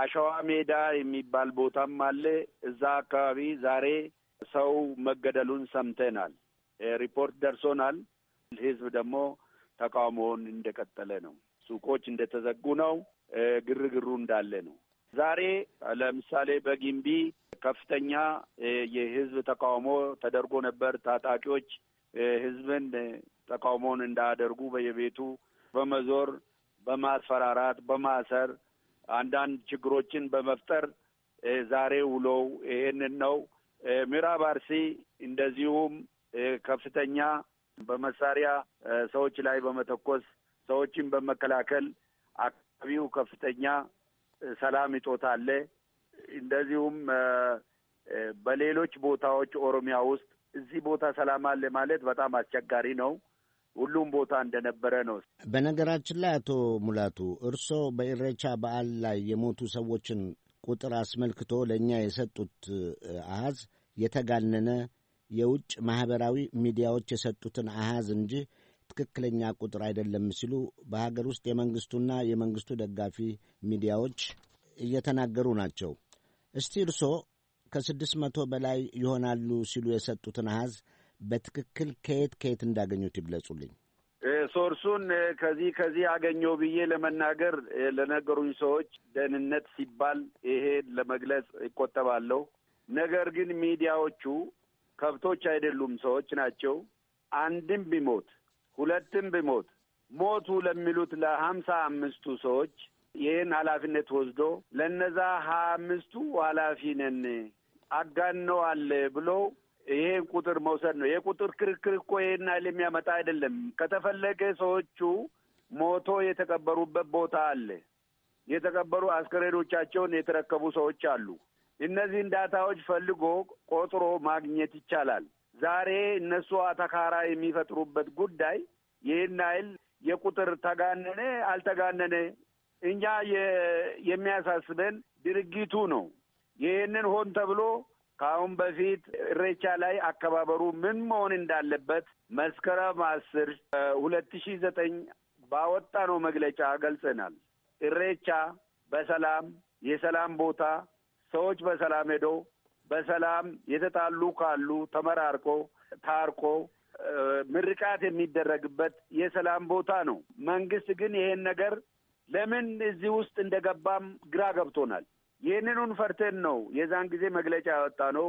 አሸዋ ሜዳ የሚባል ቦታም አለ። እዛ አካባቢ ዛሬ ሰው መገደሉን ሰምተናል። ሪፖርት ደርሶናል። ህዝብ ደግሞ ተቃውሞውን እንደቀጠለ ነው። ሱቆች እንደተዘጉ ነው። ግርግሩ እንዳለ ነው። ዛሬ ለምሳሌ በጊምቢ ከፍተኛ የህዝብ ተቃውሞ ተደርጎ ነበር። ታጣቂዎች ህዝብን ተቃውሞውን እንዳያደርጉ በየቤቱ በመዞር በማስፈራራት፣ በማሰር አንዳንድ ችግሮችን በመፍጠር ዛሬ ውሎው ይሄንን ነው። ምዕራብ አርሲ እንደዚሁም ከፍተኛ በመሳሪያ ሰዎች ላይ በመተኮስ ሰዎችን በመከላከል አካባቢው ከፍተኛ ሰላም እጦት አለ። እንደዚሁም በሌሎች ቦታዎች ኦሮሚያ ውስጥ እዚህ ቦታ ሰላም አለ ማለት በጣም አስቸጋሪ ነው። ሁሉም ቦታ እንደነበረ ነው። በነገራችን ላይ አቶ ሙላቱ እርስዎ በኢሬቻ በዓል ላይ የሞቱ ሰዎችን ቁጥር አስመልክቶ ለእኛ የሰጡት አሃዝ የተጋነነ የውጭ ማህበራዊ ሚዲያዎች የሰጡትን አሃዝ እንጂ ትክክለኛ ቁጥር አይደለም ሲሉ በሀገር ውስጥ የመንግስቱና የመንግስቱ ደጋፊ ሚዲያዎች እየተናገሩ ናቸው። እስቲ እርሶ ከስድስት መቶ በላይ ይሆናሉ ሲሉ የሰጡትን አሃዝ በትክክል ከየት ከየት እንዳገኙት ይግለጹልኝ። ሶርሱን ከዚህ ከዚህ አገኘው ብዬ ለመናገር ለነገሩኝ ሰዎች ደህንነት ሲባል ይሄ ለመግለጽ ይቆጠባለሁ። ነገር ግን ሚዲያዎቹ ከብቶች አይደሉም፣ ሰዎች ናቸው። አንድም ቢሞት ሁለትም ቢሞት ሞቱ ለሚሉት ለሀምሳ አምስቱ ሰዎች ይህን ኃላፊነት ወስዶ ለነዛ ሀያ አምስቱ ኃላፊ ነን አጋነዋል ብሎ ይሄን ቁጥር መውሰድ ነው። የቁጥር ክርክር እኮ ይሄን ኃይል የሚያመጣ አይደለም። ከተፈለገ ሰዎቹ ሞቶ የተቀበሩበት ቦታ አለ። የተቀበሩ አስከሬኖቻቸውን የተረከቡ ሰዎች አሉ። እነዚህን ዳታዎች ፈልጎ ቆጥሮ ማግኘት ይቻላል። ዛሬ እነሱ አተካራ የሚፈጥሩበት ጉዳይ ይህን አይል የቁጥር ተጋነነ አልተጋነነ እኛ የሚያሳስበን ድርጊቱ ነው። ይህንን ሆን ተብሎ ከአሁን በፊት እሬቻ ላይ አከባበሩ ምን መሆን እንዳለበት መስከረም አስር ሁለት ሺ ዘጠኝ ነው መግለጫ ገልጸናል። እሬቻ በሰላም የሰላም ቦታ ሰዎች በሰላም ሄደው በሰላም የተጣሉ ካሉ ተመራርቆ ታርቆ ምርቃት የሚደረግበት የሰላም ቦታ ነው። መንግስት ግን ይሄን ነገር ለምን እዚህ ውስጥ እንደገባም ግራ ገብቶናል። ይህንኑን ፈርተን ነው የዛን ጊዜ መግለጫ ያወጣ ነው።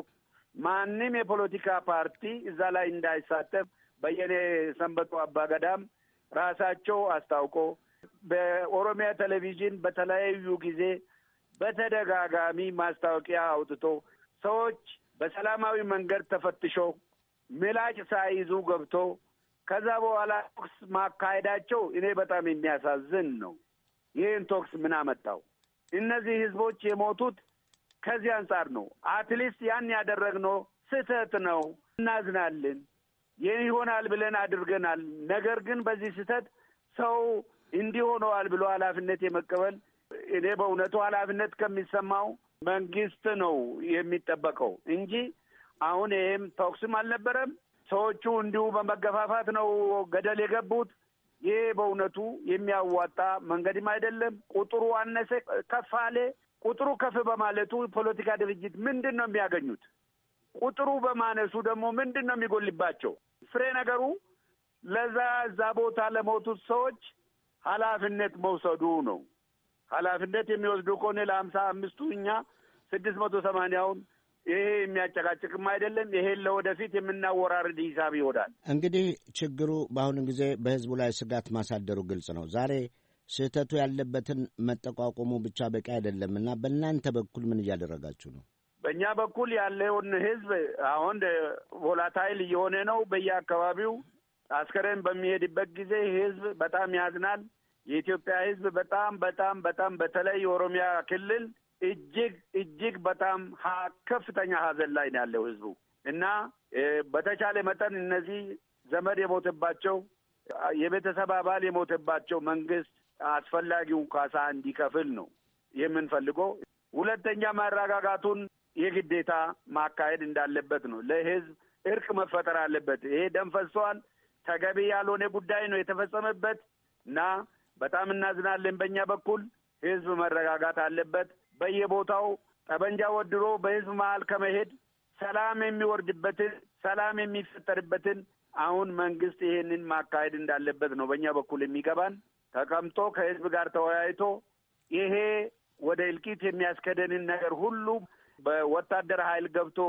ማንም የፖለቲካ ፓርቲ እዛ ላይ እንዳይሳተፍ በየኔ ሰንበቱ አባገዳም ራሳቸው አስታውቆ በኦሮሚያ ቴሌቪዥን በተለያዩ ጊዜ በተደጋጋሚ ማስታወቂያ አውጥቶ ሰዎች በሰላማዊ መንገድ ተፈትሾ ምላጭ ሳይዙ ገብቶ ከዛ በኋላ ቶክስ ማካሄዳቸው እኔ በጣም የሚያሳዝን ነው። ይህን ቶክስ ምን አመጣው? እነዚህ ህዝቦች የሞቱት ከዚህ አንጻር ነው። አትሊስት ያን ያደረግነው ስህተት ነው፣ እናዝናለን፣ ይህ ይሆናል ብለን አድርገናል። ነገር ግን በዚህ ስህተት ሰው እንዲህ ሆነዋል ብሎ ኃላፊነት የመቀበል እኔ በእውነቱ ኃላፊነት ከሚሰማው መንግስት ነው የሚጠበቀው እንጂ አሁን ይህም ተኩስም አልነበረም። ሰዎቹ እንዲሁ በመገፋፋት ነው ገደል የገቡት። ይህ በእውነቱ የሚያዋጣ መንገድም አይደለም። ቁጥሩ አነሰ ከፍ አለ። ቁጥሩ ከፍ በማለቱ ፖለቲካ ድርጅት ምንድን ነው የሚያገኙት? ቁጥሩ በማነሱ ደግሞ ምንድን ነው የሚጎልባቸው? ፍሬ ነገሩ ለዛ እዛ ቦታ ለሞቱት ሰዎች ኃላፊነት መውሰዱ ነው። ኃላፊነት የሚወስዱ ከሆነ ለሀምሳ አምስቱ እኛ ስድስት መቶ ሰማንያውን ይሄ የሚያጨቃጭቅም አይደለም። ይሄን ለወደፊት የምናወራርድ ሂሳብ ይሆናል። እንግዲህ ችግሩ በአሁኑ ጊዜ በህዝቡ ላይ ስጋት ማሳደሩ ግልጽ ነው። ዛሬ ስህተቱ ያለበትን መጠቋቆሙ ብቻ በቂ አይደለም እና በእናንተ በኩል ምን እያደረጋችሁ ነው? በእኛ በኩል ያለውን ህዝብ አሁን ቮላታይል እየሆነ ነው። በየአካባቢው አስከሬን በሚሄድበት ጊዜ ህዝብ በጣም ያዝናል። የኢትዮጵያ ሕዝብ በጣም በጣም በጣም በተለይ የኦሮሚያ ክልል እጅግ እጅግ በጣም ከፍተኛ ሀዘን ላይ ነው ያለው ሕዝቡ እና በተቻለ መጠን እነዚህ ዘመድ የሞተባቸው የቤተሰብ አባል የሞተባቸው መንግስት አስፈላጊውን ካሳ እንዲከፍል ነው የምንፈልገው። ሁለተኛ ማረጋጋቱን የግዴታ ማካሄድ እንዳለበት ነው። ለህዝብ እርቅ መፈጠር አለበት። ይሄ ደም ፈሷል፣ ተገቢ ያልሆነ ጉዳይ ነው የተፈጸመበት እና በጣም እናዝናለን። በእኛ በኩል ህዝብ መረጋጋት አለበት። በየቦታው ጠበንጃ ወድሮ በህዝብ መሀል ከመሄድ ሰላም የሚወርድበትን ሰላም የሚፈጠርበትን አሁን መንግስት ይሄንን ማካሄድ እንዳለበት ነው በእኛ በኩል የሚገባን። ተቀምጦ ከህዝብ ጋር ተወያይቶ ይሄ ወደ እልቂት የሚያስከደንን ነገር ሁሉ በወታደር ኃይል ገብቶ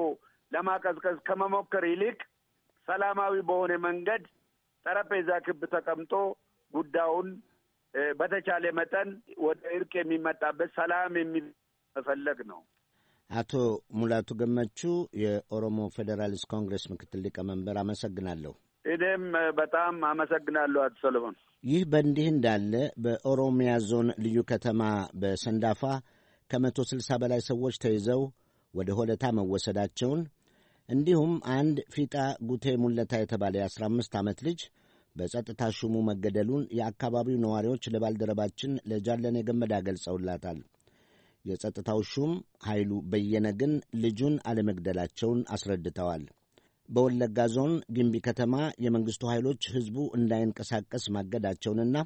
ለማቀዝቀዝ ከመሞከር ይልቅ ሰላማዊ በሆነ መንገድ ጠረጴዛ ክብ ተቀምጦ ጉዳዩን በተቻለ መጠን ወደ እርቅ የሚመጣበት ሰላም መፈለግ ነው። አቶ ሙላቱ ገመቹ የኦሮሞ ፌዴራሊስት ኮንግረስ ምክትል ሊቀመንበር፣ አመሰግናለሁ። እኔም በጣም አመሰግናለሁ አቶ ሰለሞን። ይህ በእንዲህ እንዳለ በኦሮሚያ ዞን ልዩ ከተማ በሰንዳፋ ከመቶ ስልሳ በላይ ሰዎች ተይዘው ወደ ሆለታ መወሰዳቸውን እንዲሁም አንድ ፊጣ ጉቴ ሙለታ የተባለ የአስራ አምስት ዓመት ልጅ በጸጥታ ሹሙ መገደሉን የአካባቢው ነዋሪዎች ለባልደረባችን ለጃለኔ ገመዳ ገልጸውላታል። የጸጥታው ሹም ኃይሉ በየነ ግን ልጁን አለመግደላቸውን አስረድተዋል። በወለጋ ዞን ግንቢ ከተማ የመንግሥቱ ኃይሎች ሕዝቡ እንዳይንቀሳቀስ ማገዳቸውንና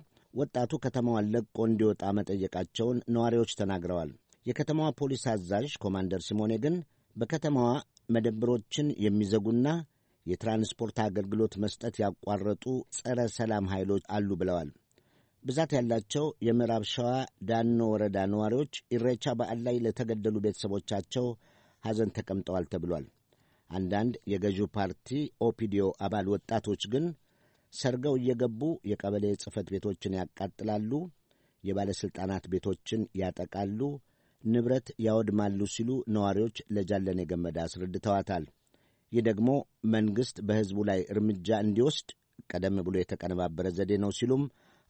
ወጣቱ ከተማዋን ለቆ እንዲወጣ መጠየቃቸውን ነዋሪዎች ተናግረዋል። የከተማዋ ፖሊስ አዛዥ ኮማንደር ሲሞኔ ግን በከተማዋ መደብሮችን የሚዘጉና የትራንስፖርት አገልግሎት መስጠት ያቋረጡ ጸረ ሰላም ኃይሎች አሉ ብለዋል። ብዛት ያላቸው የምዕራብ ሸዋ ዳኖ ወረዳ ነዋሪዎች ኢሬቻ በዓል ላይ ለተገደሉ ቤተሰቦቻቸው ሐዘን ተቀምጠዋል ተብሏል። አንዳንድ የገዢው ፓርቲ ኦፒዲዮ አባል ወጣቶች ግን ሰርገው እየገቡ የቀበሌ ጽሕፈት ቤቶችን ያቃጥላሉ፣ የባለሥልጣናት ቤቶችን ያጠቃሉ፣ ንብረት ያወድማሉ ሲሉ ነዋሪዎች ለጃለኔ ገመዳ አስረድተዋታል። ይህ ደግሞ መንግሥት በሕዝቡ ላይ እርምጃ እንዲወስድ ቀደም ብሎ የተቀነባበረ ዘዴ ነው ሲሉም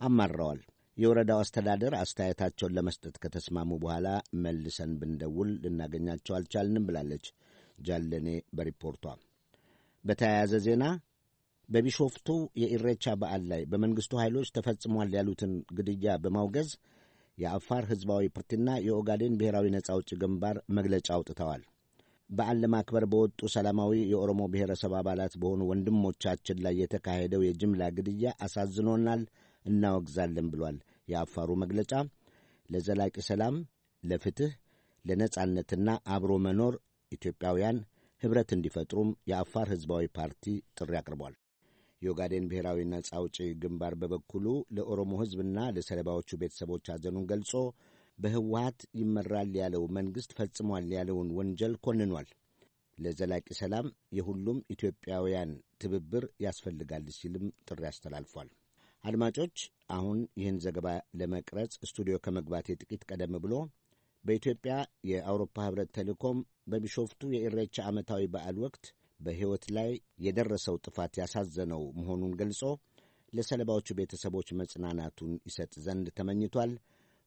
አማረዋል። የወረዳው አስተዳደር አስተያየታቸውን ለመስጠት ከተስማሙ በኋላ መልሰን ብንደውል ልናገኛቸው አልቻልንም ብላለች ጃለኔ በሪፖርቷ። በተያያዘ ዜና በቢሾፍቱ የኢሬቻ በዓል ላይ በመንግሥቱ ኃይሎች ተፈጽሟል ያሉትን ግድያ በማውገዝ የአፋር ሕዝባዊ ፓርቲና የኦጋዴን ብሔራዊ ነጻ አውጪ ግንባር መግለጫ አውጥተዋል። በዓል ለማክበር በወጡ ሰላማዊ የኦሮሞ ብሔረሰብ አባላት በሆኑ ወንድሞቻችን ላይ የተካሄደው የጅምላ ግድያ አሳዝኖናል፣ እናወግዛለን ብሏል የአፋሩ መግለጫ። ለዘላቂ ሰላም፣ ለፍትሕ፣ ለነጻነትና አብሮ መኖር ኢትዮጵያውያን ኅብረት እንዲፈጥሩም የአፋር ሕዝባዊ ፓርቲ ጥሪ አቅርቧል። የኦጋዴን ብሔራዊ ነጻ አውጪ ግንባር በበኩሉ ለኦሮሞ ሕዝብና ለሰለባዎቹ ቤተሰቦች አዘኑን ገልጾ በህወሀት ይመራል ያለው መንግሥት ፈጽሟል ያለውን ወንጀል ኮንኗል። ለዘላቂ ሰላም የሁሉም ኢትዮጵያውያን ትብብር ያስፈልጋል ሲልም ጥሪ አስተላልፏል። አድማጮች፣ አሁን ይህን ዘገባ ለመቅረጽ ስቱዲዮ ከመግባቴ ጥቂት ቀደም ብሎ በኢትዮጵያ የአውሮፓ ህብረት ተልእኮም በቢሾፍቱ የኢሬቻ ዓመታዊ በዓል ወቅት በሕይወት ላይ የደረሰው ጥፋት ያሳዘነው መሆኑን ገልጾ ለሰለባዎቹ ቤተሰቦች መጽናናቱን ይሰጥ ዘንድ ተመኝቷል።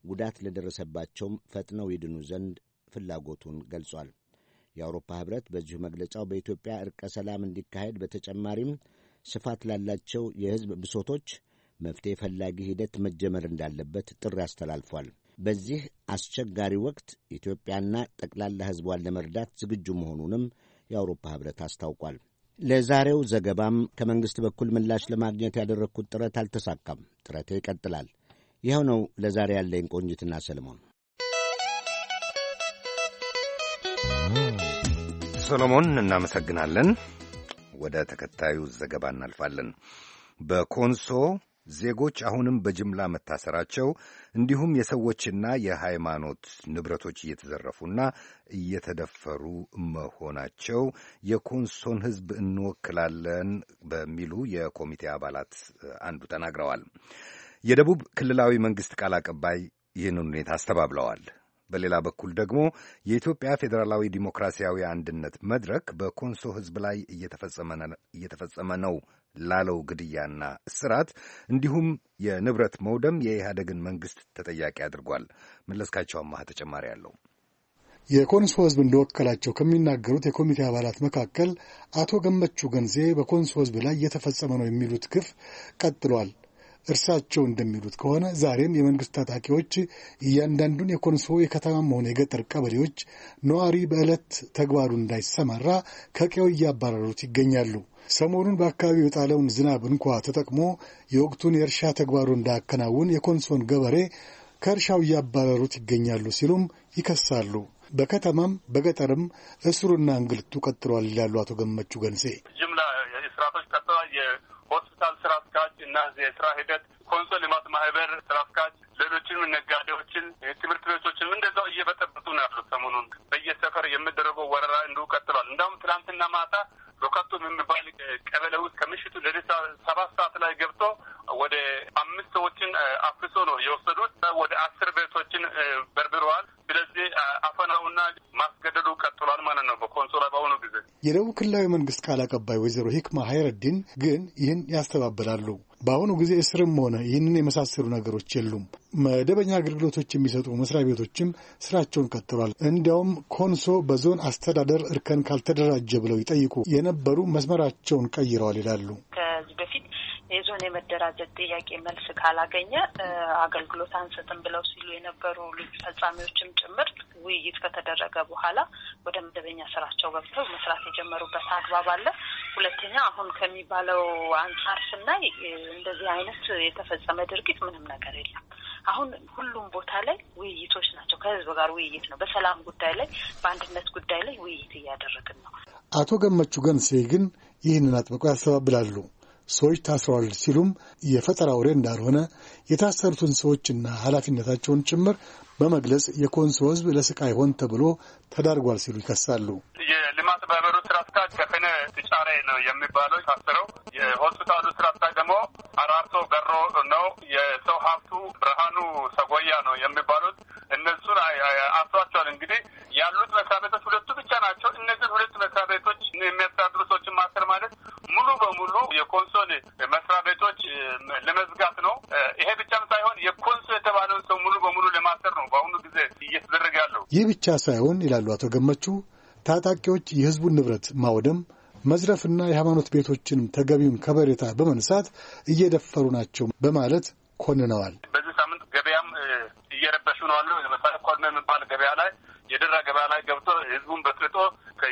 ጉዳት ለደረሰባቸውም ፈጥነው ይድኑ ዘንድ ፍላጎቱን ገልጿል። የአውሮፓ ህብረት በዚሁ መግለጫው በኢትዮጵያ እርቀ ሰላም እንዲካሄድ በተጨማሪም ስፋት ላላቸው የህዝብ ብሶቶች መፍትሄ ፈላጊ ሂደት መጀመር እንዳለበት ጥሪ አስተላልፏል። በዚህ አስቸጋሪ ወቅት ኢትዮጵያና ጠቅላላ ህዝቧን ለመርዳት ዝግጁ መሆኑንም የአውሮፓ ህብረት አስታውቋል። ለዛሬው ዘገባም ከመንግሥት በኩል ምላሽ ለማግኘት ያደረግኩት ጥረት አልተሳካም። ጥረቴ ይቀጥላል። ይኸው ነው ለዛሬ ያለኝ። ቆንጅትና ሰለሞን ሰሎሞን እናመሰግናለን። ወደ ተከታዩ ዘገባ እናልፋለን። በኮንሶ ዜጎች አሁንም በጅምላ መታሰራቸው እንዲሁም የሰዎችና የሃይማኖት ንብረቶች እየተዘረፉና እየተደፈሩ መሆናቸው የኮንሶን ሕዝብ እንወክላለን በሚሉ የኮሚቴ አባላት አንዱ ተናግረዋል። የደቡብ ክልላዊ መንግሥት ቃል አቀባይ ይህንን ሁኔታ አስተባብለዋል። በሌላ በኩል ደግሞ የኢትዮጵያ ፌዴራላዊ ዲሞክራሲያዊ አንድነት መድረክ በኮንሶ ሕዝብ ላይ እየተፈጸመ ነው ላለው ግድያና እስራት እንዲሁም የንብረት መውደም የኢህአደግን መንግስት ተጠያቂ አድርጓል። መለስካቸው አማሃ ተጨማሪ አለው። የኮንሶ ህዝብ እንደወከላቸው ከሚናገሩት የኮሚቴ አባላት መካከል አቶ ገመቹ ገንዜ በኮንሶ ህዝብ ላይ እየተፈጸመ ነው የሚሉት ግፍ ቀጥሏል እርሳቸው እንደሚሉት ከሆነ ዛሬም የመንግስት ታጣቂዎች እያንዳንዱን የኮንሶ የከተማም ሆነ የገጠር ቀበሌዎች ነዋሪ በዕለት ተግባሩ እንዳይሰማራ ከቀው እያባረሩት ይገኛሉ። ሰሞኑን በአካባቢው የጣለውን ዝናብ እንኳ ተጠቅሞ የወቅቱን የእርሻ ተግባሩ እንዳያከናውን የኮንሶን ገበሬ ከእርሻው እያባረሩት ይገኛሉ ሲሉም ይከሳሉ። በከተማም በገጠርም እስሩና እንግልቱ ቀጥሏል ይላሉ አቶ ገመቹ ገንሴ። ጅምላ የሆስፒታል ስራ አስኪያጅ እና የስራ ሂደት ኮንሶ ልማት ማህበር ስራ አስኪያጅ፣ ሌሎችንም ነጋዴዎችን፣ ትምህርት ቤቶችንም እንደዛው እየበጠበጡ ነው ያሉት። ሰሞኑን በየሰፈር የሚደረገው ወረራ እንዲሁ ቀጥሏል። እንዳሁም ትናንትና ማታ ሮካቶም የሚባል ቀበሌ ውስጥ ከምሽቱ ለደ ሰባት ሰዓት ላይ ገብቶ ወደ አምስት ሰዎችን አፍሶ ነው የወሰዱት። ወደ አስር ቤቶችን በርብረዋል። ስለዚህ አፈናውና ማስገደዱ ቀጥሏል ማለት ነው በኮንሶ በአሁኑ ጊዜ። የደቡብ ክልላዊ መንግስት ቃል አቀባይ ወይዘሮ ሂክማ ሀይረዲን ግን ይህን ያስተባብላሉ። በአሁኑ ጊዜ እስርም ሆነ ይህንን የመሳሰሉ ነገሮች የሉም። መደበኛ አገልግሎቶች የሚሰጡ መስሪያ ቤቶችም ስራቸውን ቀጥሏል። እንዲያውም ኮንሶ በዞን አስተዳደር እርከን ካልተደራጀ ብለው ይጠይቁ የነበሩ መስመራቸውን ቀይረዋል ይላሉ። ከዚህ በፊት የዞን የመደራጀት ጥያቄ መልስ ካላገኘ አገልግሎት አንሰጥም ብለው ሲሉ የነበሩ ልዩ ፈጻሚዎችም ጭምር ውይይት ከተደረገ በኋላ ወደ መደበኛ ስራቸው ገብተው መስራት የጀመሩበት አግባብ አለ። ሁለተኛ አሁን ከሚባለው አንጻር ስናይ እንደዚህ አይነት የተፈጸመ ድርጊት ምንም ነገር የለም። አሁን ሁሉም ቦታ ላይ ውይይቶች ናቸው። ከህዝብ ጋር ውይይት ነው። በሰላም ጉዳይ ላይ፣ በአንድነት ጉዳይ ላይ ውይይት እያደረግን ነው። አቶ ገመቹ ገንሴ ግን ይህንን አጥብቆ ያስተባብላሉ። ሰዎች ታስረዋል ሲሉም የፈጠራ ወሬ እንዳልሆነ የታሰሩትን ሰዎችና ኃላፊነታቸውን ጭምር በመግለጽ የኮንሶ ህዝብ ለስቃይ ሆን ተብሎ ተዳርጓል ሲሉ ይከሳሉ። የልማት ባበሩ ስራ አስኪያጅ ከፍነ ትጫሬ ነው የሚባለው ታስረው፣ የሆስፒታሉ ስራ አስኪያጅ ደግሞ አራርሶ በሮ ነው። የሰው ሀብቱ ብርሃኑ ሰጎያ ነው የሚባሉት እነሱን አስሯቸዋል። እንግዲህ ያሉት መስሪያ ቤቶች ሁለቱ ብቻ ናቸው። እነዚህ ሁለት መስሪያ ቤቶች የሚያስተዳድሩ ሰዎችን ማሰር ማለት ሙሉ በሙሉ የኮንሶን መስሪያ ቤቶች ለመዝጋት ነው። ይሄ ብቻ ይህ ብቻ ሳይሆን ይላሉ አቶ ገመቹ፣ ታጣቂዎች የህዝቡን ንብረት ማውደም መዝረፍና የሃይማኖት ቤቶችንም ተገቢውን ከበሬታ በመንሳት እየደፈሩ ናቸው በማለት ኮንነዋል። በዚህ ሳምንት ገበያም እየረበሹ ነው አሉ። ለምሳሌ ኮልሜ የሚባል ገበያ ላይ የደራ ገበያ ላይ ገብቶ ህዝቡን በጥርጦ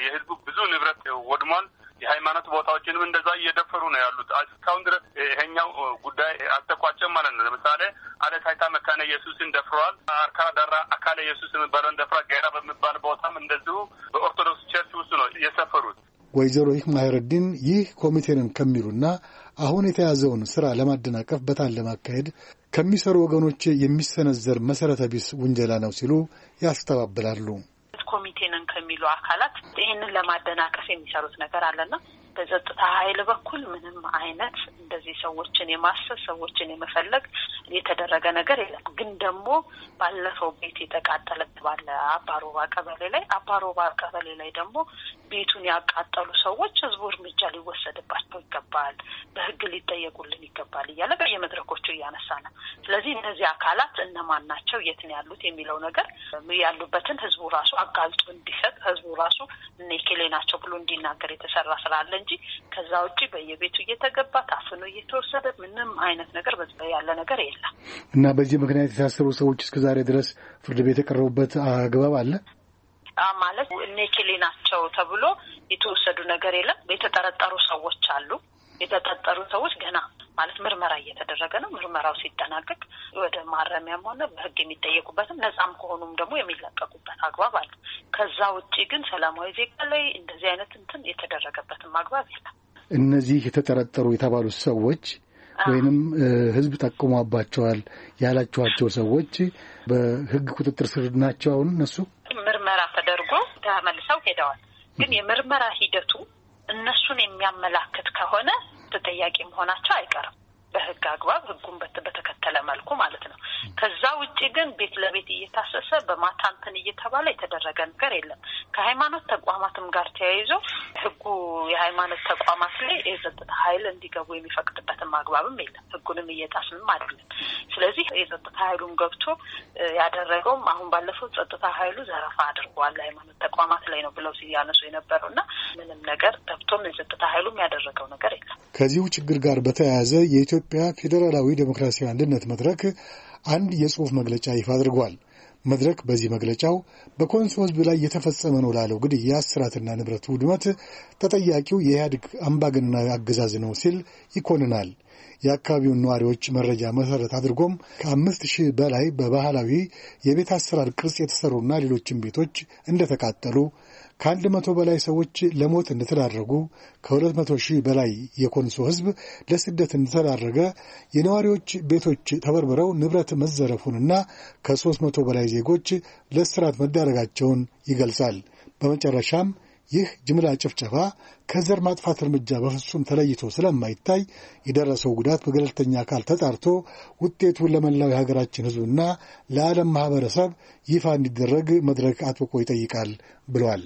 የህዝቡ ብዙ ንብረት ወድሟል። የሃይማኖት ቦታዎችንም እንደዛ እየደፈሩ ነው ያሉት። እስካሁን ድረስ ይሄኛው ጉዳይ አልተቋጨም ማለት ነው። ለምሳሌ ታይታ መካነ ኢየሱስን ደፍረዋል። አርካ ዳራ አካለ ኢየሱስ የሚባለውን ደፍራ ጋይራ በሚባል ቦታም እንደዚሁ በኦርቶዶክስ ቸርች ውስጥ ነው የሰፈሩት። ወይዘሮ ይህ ማህረዲን ይህ ኮሚቴንን ከሚሉና አሁን የተያዘውን ስራ ለማደናቀፍ በታን ለማካሄድ ከሚሰሩ ወገኖች የሚሰነዘር መሰረተ ቢስ ውንጀላ ነው ሲሉ ያስተባብላሉ። ኮሚቴ ነን ከሚሉ አካላት ይህንን ለማደናቀፍ የሚሰሩት ነገር አለና በጸጥታ ኃይል በኩል ምንም አይነት እንደዚህ ሰዎችን የማሰብ ሰዎችን የመፈለግ የተደረገ ነገር የለም። ግን ደግሞ ባለፈው ቤት የተቃጠለ ባለ አባሮባ ቀበሌ ላይ አባሮባ ቀበሌ ላይ ደግሞ ቤቱን ያቃጠሉ ሰዎች ህዝቡ እርምጃ ሊወሰድባቸው ይገባል፣ በህግ ሊጠየቁልን ይገባል እያለ በየመድረኮቹ እያነሳ ነው። ስለዚህ እነዚህ አካላት እነማን ናቸው፣ የት ነው ያሉት የሚለው ነገር ያሉበትን ህዝቡ ራሱ አጋልጦ እንዲሰጥ ህዝቡ ራሱ እነ ኬሌ ናቸው ብሎ እንዲናገር የተሰራ ስላለ እንጂ ከዛ ውጭ በየቤቱ እየተገባ ታፍኖ እየተወሰደ ምንም አይነት ነገር በዛ ያለ ነገር የለም እና በዚህ ምክንያት የታሰሩ ሰዎች እስከ ዛሬ ድረስ ፍርድ ቤት የቀረቡበት አግባብ አለ ማለት እኔ ኬሌ ናቸው ተብሎ የተወሰዱ ነገር የለም። የተጠረጠሩ ሰዎች አሉ። የተጠጠሩ ሰዎች ገና ማለት ምርመራ እየተደረገ ነው። ምርመራው ሲጠናቀቅ ወደ ማረሚያም ሆነ በህግ የሚጠየቁበትም ነጻም ከሆኑም ደግሞ የሚለቀቁበት አግባብ አለ። ከዛ ውጭ ግን ሰላማዊ ዜጋ ላይ እንደዚህ አይነት እንትን የተደረገበትም አግባብ የለም። እነዚህ የተጠረጠሩ የተባሉት ሰዎች ወይንም ህዝብ ጠቁሟባቸዋል ያላችኋቸው ሰዎች በህግ ቁጥጥር ስር ናቸው። አሁን እነሱ ምርመራ ተደርጎ ተመልሰው ሄደዋል። ግን የምርመራ ሂደቱ እነሱን የሚያመላክት ከሆነ ተጠያቂ መሆናቸው አይቀርም። በህግ አግባብ ህጉን በተከተለ መልኩ ማለት ነው። ከዛ ውጭ ግን ቤት ለቤት እየታሰሰ በማታ እንትን እየተባለ የተደረገ ነገር የለም። ከሃይማኖት ተቋማትም ጋር ተያይዞ ህጉ የሃይማኖት ተቋማት ላይ የጸጥታ ኃይል እንዲገቡ የሚፈቅድበትም አግባብም የለም። ህጉንም እየጣስንም አይደለም። ስለዚህ የጸጥታ ኃይሉም ገብቶ ያደረገውም አሁን ባለፈው ጸጥታ ኃይሉ ዘረፋ አድርጓል ሃይማኖት ተቋማት ላይ ነው ብለው ሲያነሱ የነበረው እና ምንም ነገር ገብቶም የጸጥታ ኃይሉም ያደረገው ነገር የለም። ከዚሁ ችግር ጋር በተያያዘ የኢትዮ የኢትዮጵያ ፌዴራላዊ ዴሞክራሲያዊ አንድነት መድረክ አንድ የጽሑፍ መግለጫ ይፋ አድርጓል። መድረክ በዚህ መግለጫው በኮንሶ ሕዝብ ላይ የተፈጸመ ነው ላለው ግድያ፣ እስራትና ንብረት ውድመት ተጠያቂው የኢህአዴግ አምባገነናዊ አገዛዝ ነው ሲል ይኮንናል። የአካባቢውን ነዋሪዎች መረጃ መሰረት አድርጎም ከአምስት ሺህ በላይ በባህላዊ የቤት አሰራር ቅርጽ የተሰሩና ሌሎችም ቤቶች እንደተቃጠሉ ከአንድ መቶ በላይ ሰዎች ለሞት እንደተዳረጉ ከሁለት መቶ ሺህ በላይ የኮንሶ ህዝብ ለስደት እንደተዳረገ የነዋሪዎች ቤቶች ተበርብረው ንብረት መዘረፉንና ከሦስት መቶ በላይ ዜጎች ለእስራት መዳረጋቸውን ይገልጻል። በመጨረሻም ይህ ጅምላ ጭፍጨፋ ከዘር ማጥፋት እርምጃ በፍጹም ተለይቶ ስለማይታይ የደረሰው ጉዳት በገለልተኛ አካል ተጣርቶ ውጤቱን ለመላው የሀገራችን ሕዝብና ለዓለም ማኅበረሰብ ይፋ እንዲደረግ መድረክ አጥብቆ ይጠይቃል ብሏል።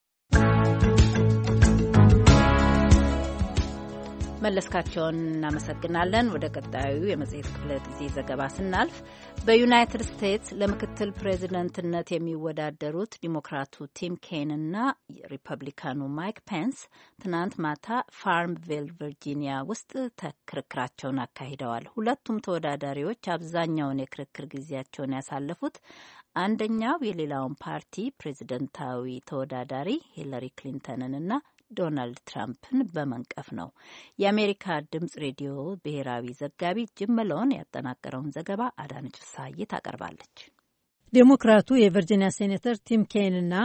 መለስካቸውን እናመሰግናለን። ወደ ቀጣዩ የመጽሔት ክፍለ ጊዜ ዘገባ ስናልፍ በዩናይትድ ስቴትስ ለምክትል ፕሬዚደንትነት የሚወዳደሩት ዲሞክራቱ ቲም ኬን እና ሪፐብሊካኑ ማይክ ፔንስ ትናንት ማታ ፋርምቪል ቨርጂኒያ ውስጥ ክርክራቸውን አካሂደዋል። ሁለቱም ተወዳዳሪዎች አብዛኛውን የክርክር ጊዜያቸውን ያሳለፉት አንደኛው የሌላውን ፓርቲ ፕሬዚደንታዊ ተወዳዳሪ ሂለሪ ክሊንተንን እና ዶናልድ ትራምፕን በመንቀፍ ነው። የአሜሪካ ድምጽ ሬዲዮ ብሔራዊ ዘጋቢ ጅም መለውን ያጠናቀረውን ዘገባ አዳነች ፍስሐዬ ታቀርባለች። ዴሞክራቱ የቨርጂኒያ ሴኔተር ቲም ኬን ና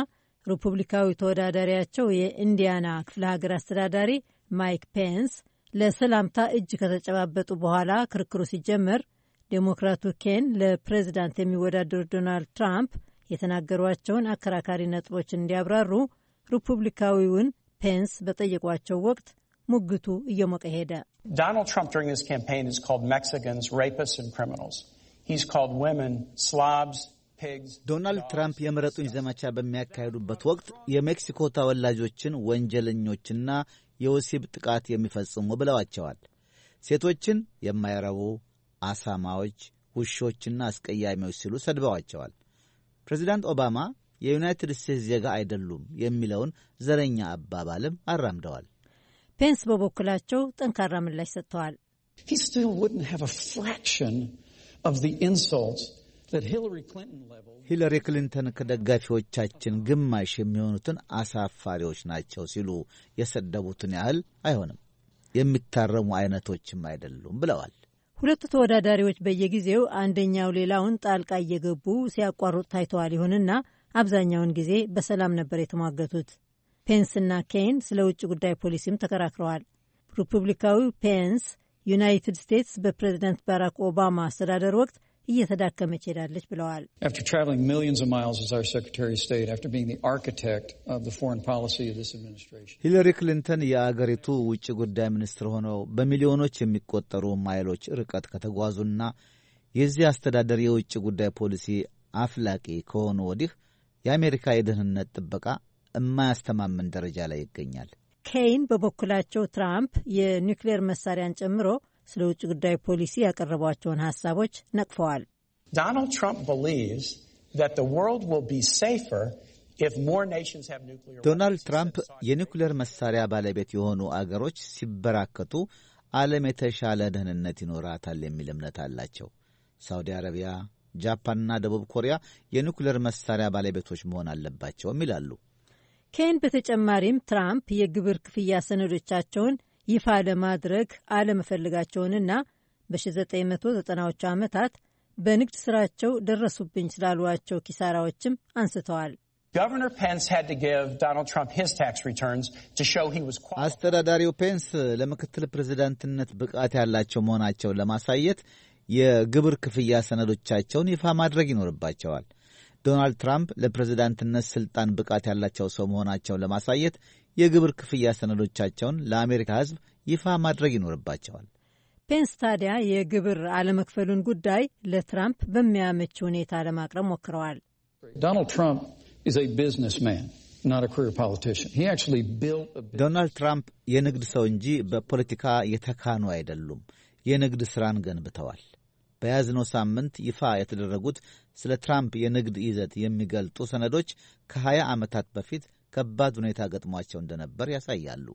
ሪፑብሊካዊ ተወዳዳሪያቸው የኢንዲያና ክፍለ ሀገር አስተዳዳሪ ማይክ ፔንስ ለሰላምታ እጅ ከተጨባበጡ በኋላ ክርክሩ ሲጀመር ዴሞክራቱ ኬን ለፕሬዚዳንት የሚወዳደሩ ዶናልድ ትራምፕ የተናገሯቸውን አከራካሪ ነጥቦች እንዲያብራሩ ሪፑብሊካዊውን ፔንስ በጠየቋቸው ወቅት ሙግቱ እየሞቀ ሄደ። ዶናልድ ትራምፕ የምረጡኝ ዘመቻ በሚያካሂዱበት ወቅት የሜክሲኮ ተወላጆችን ወንጀለኞችና የወሲብ ጥቃት የሚፈጽሙ ብለዋቸዋል። ሴቶችን የማይረቡ አሳማዎች፣ ውሾችና አስቀያሚዎች ሲሉ ሰድበዋቸዋል። ፕሬዚዳንት ኦባማ የዩናይትድ ስቴትስ ዜጋ አይደሉም የሚለውን ዘረኛ አባባልም አራምደዋል። ፔንስ በበኩላቸው ጠንካራ ምላሽ ሰጥተዋል። ሂለሪ ክሊንተን ከደጋፊዎቻችን ግማሽ የሚሆኑትን አሳፋሪዎች ናቸው ሲሉ የሰደቡትን ያህል አይሆንም፣ የሚታረሙ አይነቶችም አይደሉም ብለዋል። ሁለቱ ተወዳዳሪዎች በየጊዜው አንደኛው ሌላውን ጣልቃ እየገቡ ሲያቋርጡ ታይተዋል። ይሁንና አብዛኛውን ጊዜ በሰላም ነበር የተሟገቱት። ፔንስና ኬይን ስለ ውጭ ጉዳይ ፖሊሲም ተከራክረዋል። ሪፑብሊካዊው ፔንስ ዩናይትድ ስቴትስ በፕሬዝደንት ባራክ ኦባማ አስተዳደር ወቅት እየተዳከመች ሄዳለች ብለዋል። ሂለሪ ክሊንተን የአገሪቱ ውጭ ጉዳይ ሚኒስትር ሆነው በሚሊዮኖች የሚቆጠሩ ማይሎች ርቀት ከተጓዙና የዚህ አስተዳደር የውጭ ጉዳይ ፖሊሲ አፍላቂ ከሆኑ ወዲህ የአሜሪካ የደህንነት ጥበቃ የማያስተማምን ደረጃ ላይ ይገኛል። ኬይን በበኩላቸው ትራምፕ የኒውክሌር መሳሪያን ጨምሮ ስለ ውጭ ጉዳይ ፖሊሲ ያቀረቧቸውን ሀሳቦች ነቅፈዋል። ዶናልድ ትራምፕ ቢሊቭስ ዘት ወርልድ ዊል ቢ ሴፈር ዶናልድ ትራምፕ የኒውክሌር መሳሪያ ባለቤት የሆኑ አገሮች ሲበራከቱ ዓለም የተሻለ ደህንነት ይኖራታል የሚል እምነት አላቸው። ሳውዲ አረቢያ፣ ጃፓንና ደቡብ ኮሪያ የኒኩሌር መሳሪያ ባለቤቶች መሆን አለባቸውም ይላሉ። ኬን በተጨማሪም ትራምፕ የግብር ክፍያ ሰነዶቻቸውን ይፋ ለማድረግ አለመፈልጋቸውንና በ1990ዎቹ ዓመታት በንግድ ሥራቸው ደረሱብኝ ስላሏቸው ኪሳራዎችም አንስተዋል። አስተዳዳሪው ፔንስ ለምክትል ፕሬዚዳንትነት ብቃት ያላቸው መሆናቸውን ለማሳየት የግብር ክፍያ ሰነዶቻቸውን ይፋ ማድረግ ይኖርባቸዋል። ዶናልድ ትራምፕ ለፕሬዝዳንትነት ስልጣን ብቃት ያላቸው ሰው መሆናቸውን ለማሳየት የግብር ክፍያ ሰነዶቻቸውን ለአሜሪካ ሕዝብ ይፋ ማድረግ ይኖርባቸዋል። ፔንስ ታዲያ የግብር አለመክፈሉን ጉዳይ ለትራምፕ በሚያመች ሁኔታ ለማቅረብ ሞክረዋል። ዶናልድ ትራምፕ የንግድ ሰው እንጂ በፖለቲካ የተካኑ አይደሉም። የንግድ ሥራን ገንብተዋል። በያዝነው ሳምንት ይፋ የተደረጉት ስለ ትራምፕ የንግድ ይዘት የሚገልጡ ሰነዶች ከ20 ዓመታት በፊት ከባድ ሁኔታ ገጥሟቸው እንደነበር ያሳያሉ።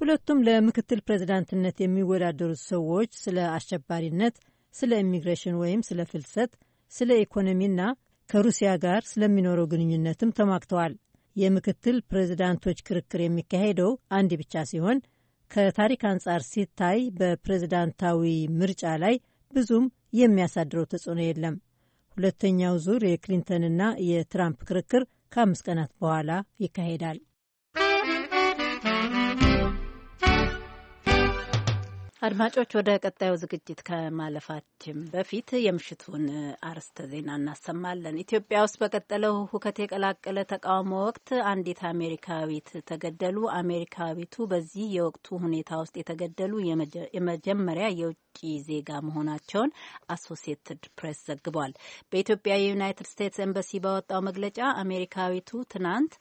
ሁለቱም ለምክትል ፕሬዚዳንትነት የሚወዳደሩት ሰዎች ስለ አሸባሪነት፣ ስለ ኢሚግሬሽን ወይም ስለ ፍልሰት፣ ስለ ኢኮኖሚና ከሩሲያ ጋር ስለሚኖረው ግንኙነትም ተሟግተዋል። የምክትል ፕሬዚዳንቶች ክርክር የሚካሄደው አንድ ብቻ ሲሆን ከታሪክ አንጻር ሲታይ በፕሬዝዳንታዊ ምርጫ ላይ ብዙም የሚያሳድረው ተጽዕኖ የለም። ሁለተኛው ዙር የክሊንተንና የትራምፕ ክርክር ከአምስት ቀናት በኋላ ይካሄዳል። አድማጮች ወደ ቀጣዩ ዝግጅት ከማለፋችን በፊት የምሽቱን አርስተ ዜና እናሰማለን። ኢትዮጵያ ውስጥ በቀጠለው ሁከት የቀላቀለ ተቃውሞ ወቅት አንዲት አሜሪካዊት ተገደሉ። አሜሪካዊቱ በዚህ የወቅቱ ሁኔታ ውስጥ የተገደሉ የመጀመሪያ የውጭ ዜጋ መሆናቸውን አሶሲየትድ ፕሬስ ዘግቧል። በኢትዮጵያ የዩናይትድ ስቴትስ ኤምባሲ ባወጣው መግለጫ አሜሪካዊቱ ትናንት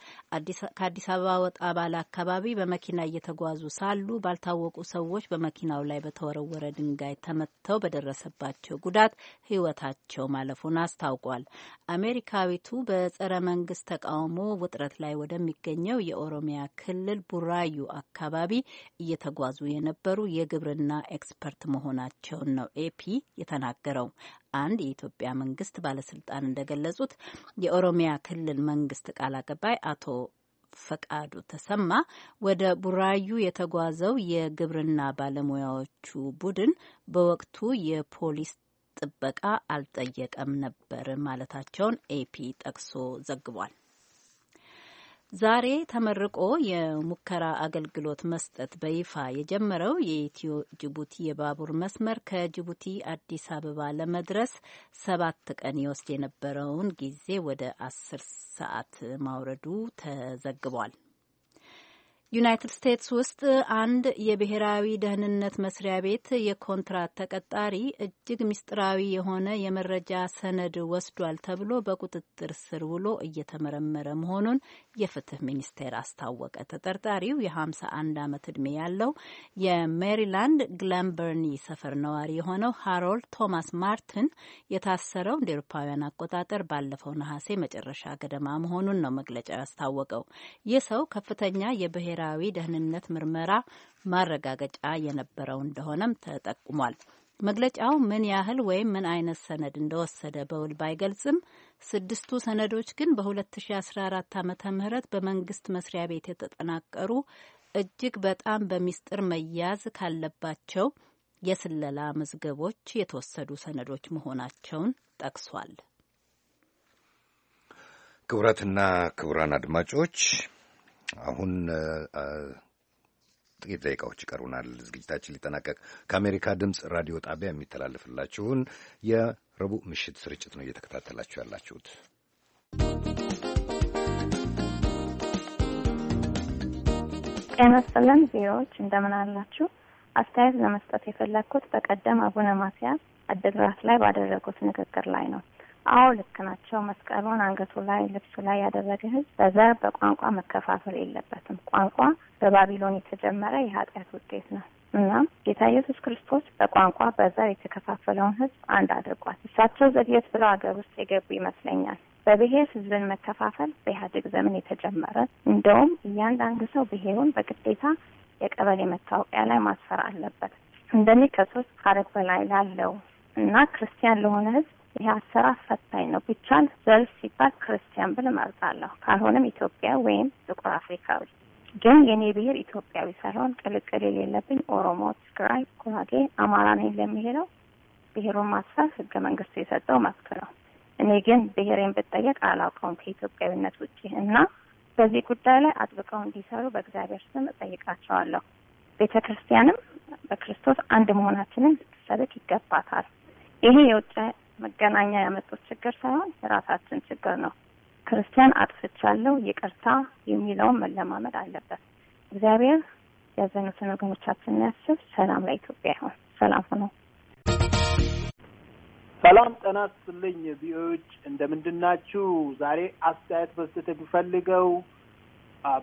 ከአዲስ አበባ ወጣ ባለ አካባቢ በመኪና እየተጓዙ ሳሉ ባልታወቁ ሰዎች በመኪናው ላይ በተወረወረ ድንጋይ ተመትተው በደረሰባቸው ጉዳት ሕይወታቸው ማለፉን አስታውቋል። አሜሪካዊቱ በጸረ መንግስት ተቃውሞ ውጥረት ላይ ወደሚገኘው የኦሮሚያ ክልል ቡራዩ አካባቢ እየተጓዙ የነበሩ የግብርና ኤክስፐርት መሆናቸውን ነው ኤፒ የተናገረው። አንድ የኢትዮጵያ መንግስት ባለስልጣን እንደገለጹት የኦሮሚያ ክልል መንግስት ቃል አቀባይ አቶ ፈቃዱ ተሰማ ወደ ቡራዩ የተጓዘው የግብርና ባለሙያዎቹ ቡድን በወቅቱ የፖሊስ ጥበቃ አልጠየቀም ነበር ማለታቸውን ኤፒ ጠቅሶ ዘግቧል። ዛሬ ተመርቆ የሙከራ አገልግሎት መስጠት በይፋ የጀመረው የኢትዮ ጅቡቲ የባቡር መስመር ከጅቡቲ አዲስ አበባ ለመድረስ ሰባት ቀን ይወስድ የነበረውን ጊዜ ወደ አስር ሰዓት ማውረዱ ተዘግቧል። ዩናይትድ ስቴትስ ውስጥ አንድ የብሔራዊ ደህንነት መስሪያ ቤት የኮንትራት ተቀጣሪ እጅግ ምስጢራዊ የሆነ የመረጃ ሰነድ ወስዷል ተብሎ በቁጥጥር ስር ውሎ እየተመረመረ መሆኑን የፍትህ ሚኒስቴር አስታወቀ። ተጠርጣሪው የ51 ዓመት ዕድሜ ያለው የሜሪላንድ ግላምበርኒ ሰፈር ነዋሪ የሆነው ሃሮልድ ቶማስ ማርቲን የታሰረው እንደ ኤሮፓውያን አቆጣጠር ባለፈው ነሐሴ መጨረሻ ገደማ መሆኑን ነው መግለጫው ያስታወቀው። ይህ ሰው ከፍተኛ የብሔ ብሔራዊ ደህንነት ምርመራ ማረጋገጫ የነበረው እንደሆነም ተጠቁሟል። መግለጫው ምን ያህል ወይም ምን አይነት ሰነድ እንደወሰደ በውል ባይገልጽም ስድስቱ ሰነዶች ግን በ2014 ዓ ም በመንግስት መስሪያ ቤት የተጠናቀሩ እጅግ በጣም በሚስጥር መያዝ ካለባቸው የስለላ መዝገቦች የተወሰዱ ሰነዶች መሆናቸውን ጠቅሷል። ክቡራትና ክቡራን አድማጮች አሁን ጥቂት ደቂቃዎች ይቀሩናል። ዝግጅታችን ሊጠናቀቅ ከአሜሪካ ድምፅ ራዲዮ ጣቢያ የሚተላለፍላችሁን የረቡዕ ምሽት ስርጭት ነው እየተከታተላችሁ ያላችሁት። ጤና ዜሮዎች እንደምን አላችሁ? አስተያየት ለመስጠት የፈለግኩት በቀደም አቡነ ማትያስ አድግራት ላይ ባደረጉት ንግግር ላይ ነው። አዎ ልክ ናቸው። መስቀሉን አንገቱ ላይ ልብሱ ላይ ያደረገ ህዝብ በዘር በቋንቋ መከፋፈል የለበትም። ቋንቋ በባቢሎን የተጀመረ የኃጢአት ውጤት ነው። እናም ጌታ ኢየሱስ ክርስቶስ በቋንቋ በዘር የተከፋፈለውን ህዝብ አንድ አድርጓል። እሳቸው ዘግየት ብለው ሀገር ውስጥ የገቡ ይመስለኛል። በብሔር ህዝብን መከፋፈል በኢህአዴግ ዘመን የተጀመረ እንደውም እያንዳንዱ ሰው ብሔሩን በግዴታ የቀበሌ መታወቂያ ላይ ማስፈር አለበት። እንደኔ ከሶስት ሀረግ በላይ ላለው እና ክርስቲያን ለሆነ ህዝብ ይህ አሰራር ፈታኝ ነው። ብቻን ዘልፍ ሲባል ክርስቲያን ብል እመርጣለሁ። ካልሆነም ኢትዮጵያ ወይም ጥቁር አፍሪካዊ። ግን የኔ ብሄር ኢትዮጵያዊ ሳይሆን ቅልቅል የሌለብኝ ኦሮሞ፣ ትግራይ፣ ጉራጌ፣ አማራ ነኝ ለሚሄደው ብሔሩን ማሰር ህገ መንግስቱ የሰጠው መብት ነው። እኔ ግን ብሄሬን ብጠየቅ አላውቀውም ከኢትዮጵያዊነት ውጪ እና በዚህ ጉዳይ ላይ አጥብቀው እንዲሰሩ በእግዚአብሔር ስም እጠይቃቸዋለሁ። ቤተ ክርስቲያንም በክርስቶስ አንድ መሆናችንን ልትሰብክ ይገባታል። ይሄ የውጭ መገናኛ ያመጡት ችግር ሳይሆን የራሳችን ችግር ነው። ክርስቲያን አጥፍቻለሁ ይቅርታ የሚለውን መለማመድ አለበት። እግዚአብሔር ያዘኑትን ወገኖቻችን ያስብ። ሰላም ለኢትዮጵያ ይሆን። ሰላም ሆኖ ሰላም ጤና ይስጥልኝ። ቪዎች እንደምንድናችሁ? ዛሬ አስተያየት መስጠት የሚፈልገው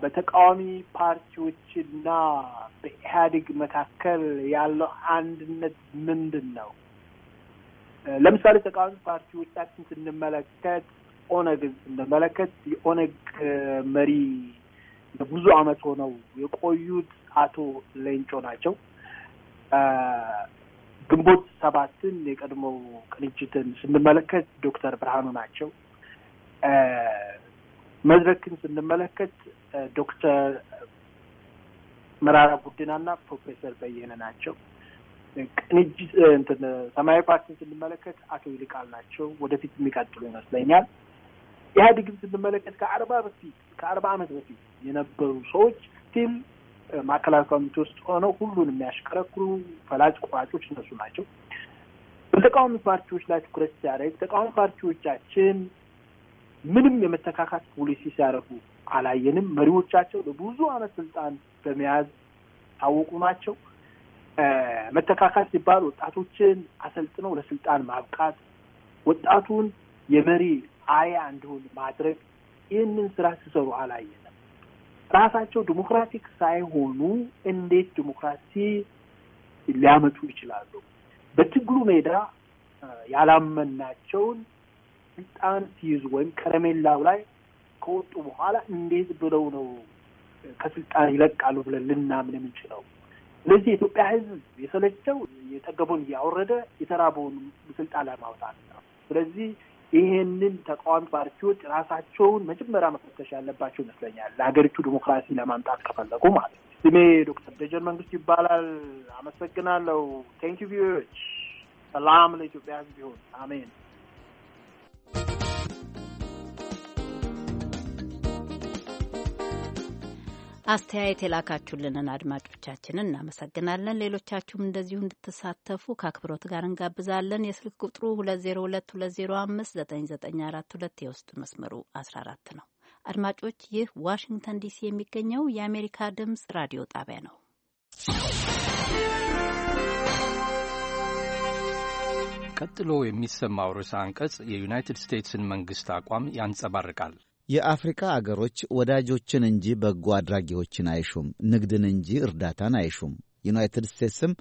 በተቃዋሚ ፓርቲዎችና በኢህአዴግ መካከል ያለው አንድነት ምንድን ነው? ለምሳሌ ተቃዋሚ ፓርቲዎቻችን ስንመለከት ኦነግ ስንመለከት የኦነግ መሪ ብዙ አመት ሆነው የቆዩት አቶ ሌንጮ ናቸው። ግንቦት ሰባትን የቀድሞ ቅንጅትን ስንመለከት ዶክተር ብርሃኑ ናቸው። መድረክን ስንመለከት ዶክተር መራራ ጉዲናና ፕሮፌሰር በየነ ናቸው። ቅንጅት እንትን ሰማያዊ ፓርቲን ስንመለከት አቶ ይልቃል ናቸው። ወደፊት የሚቀጥሉ ይመስለኛል። ኢህአዴግን ስንመለከት ከአርባ በፊት ከአርባ ዓመት በፊት የነበሩ ሰዎች ስቲል ማዕከላዊ ኮሚቴ ውስጥ ሆነው ሁሉን የሚያሽከረክሩ ፈላጭ ቆራጮች እነሱ ናቸው። በተቃዋሚ ፓርቲዎች ላይ ትኩረት ሲያደርግ ተቃዋሚ ፓርቲዎቻችን ምንም የመተካካት ፖሊሲ ሲያደርጉ አላየንም። መሪዎቻቸው ለብዙ አመት ስልጣን በመያዝ ታወቁ ናቸው። መተካካት ሲባል ወጣቶችን አሰልጥኖ ለስልጣን ማብቃት፣ ወጣቱን የመሪ አያ እንዲሆን ማድረግ ይህንን ስራ ሲሰሩ አላየንም። ራሳቸው ዲሞክራቲክ ሳይሆኑ እንዴት ዲሞክራሲ ሊያመጡ ይችላሉ? በትግሉ ሜዳ ያላመናቸውን ስልጣን ሲይዙ ወይም ከረሜላው ላይ ከወጡ በኋላ እንዴት ብለው ነው ከስልጣን ይለቃሉ ብለን ልናምን የምንችለው? ስለዚህ የኢትዮጵያ ሕዝብ የሰለቸው የጠገቡን እያወረደ የተራበውን ስልጣን ላይ ማውጣት ነው። ስለዚህ ይሄንን ተቃዋሚ ፓርቲዎች ራሳቸውን መጀመሪያ መፈተሽ ያለባቸው ይመስለኛል፣ ለሀገሪቱ ዲሞክራሲ ለማምጣት ከፈለጉ ማለት ነው። ስሜ ዶክተር ደጀን መንግስት ይባላል። አመሰግናለሁ። ቴንኪ ቪዎች ሰላም ለኢትዮጵያ ሕዝብ ይሁን። አሜን። አስተያየት የላካችሁልንን አድማጮቻችንን እናመሰግናለን። ሌሎቻችሁም እንደዚሁ እንድትሳተፉ ከአክብሮት ጋር እንጋብዛለን። የስልክ ቁጥሩ 2022059942 የውስጥ መስመሩ 14 ነው። አድማጮች ይህ ዋሽንግተን ዲሲ የሚገኘው የአሜሪካ ድምፅ ራዲዮ ጣቢያ ነው። ቀጥሎ የሚሰማው ርዕሰ አንቀጽ የዩናይትድ ስቴትስን መንግስት አቋም ያንጸባርቃል። የአፍሪካ አገሮች ወዳጆችን እንጂ በጎ አድራጊዎችን አይሹም፣ ንግድን እንጂ እርዳታን አይሹም። ዩናይትድ ስቴትስም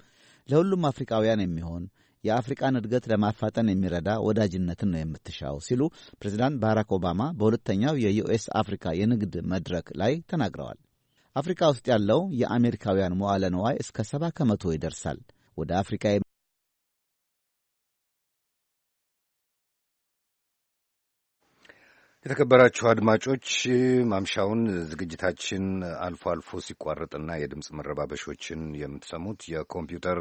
ለሁሉም አፍሪካውያን የሚሆን የአፍሪቃን እድገት ለማፋጠን የሚረዳ ወዳጅነትን ነው የምትሻው ሲሉ ፕሬዚዳንት ባራክ ኦባማ በሁለተኛው የዩኤስ አፍሪካ የንግድ መድረክ ላይ ተናግረዋል። አፍሪካ ውስጥ ያለው የአሜሪካውያን መዋለ እስከ ሰባ ከመቶ ይደርሳል። ወደ አፍሪካ የተከበራችሁ አድማጮች ማምሻውን ዝግጅታችን አልፎ አልፎ ሲቋረጥና የድምፅ መረባበሾችን የምትሰሙት የኮምፒውተር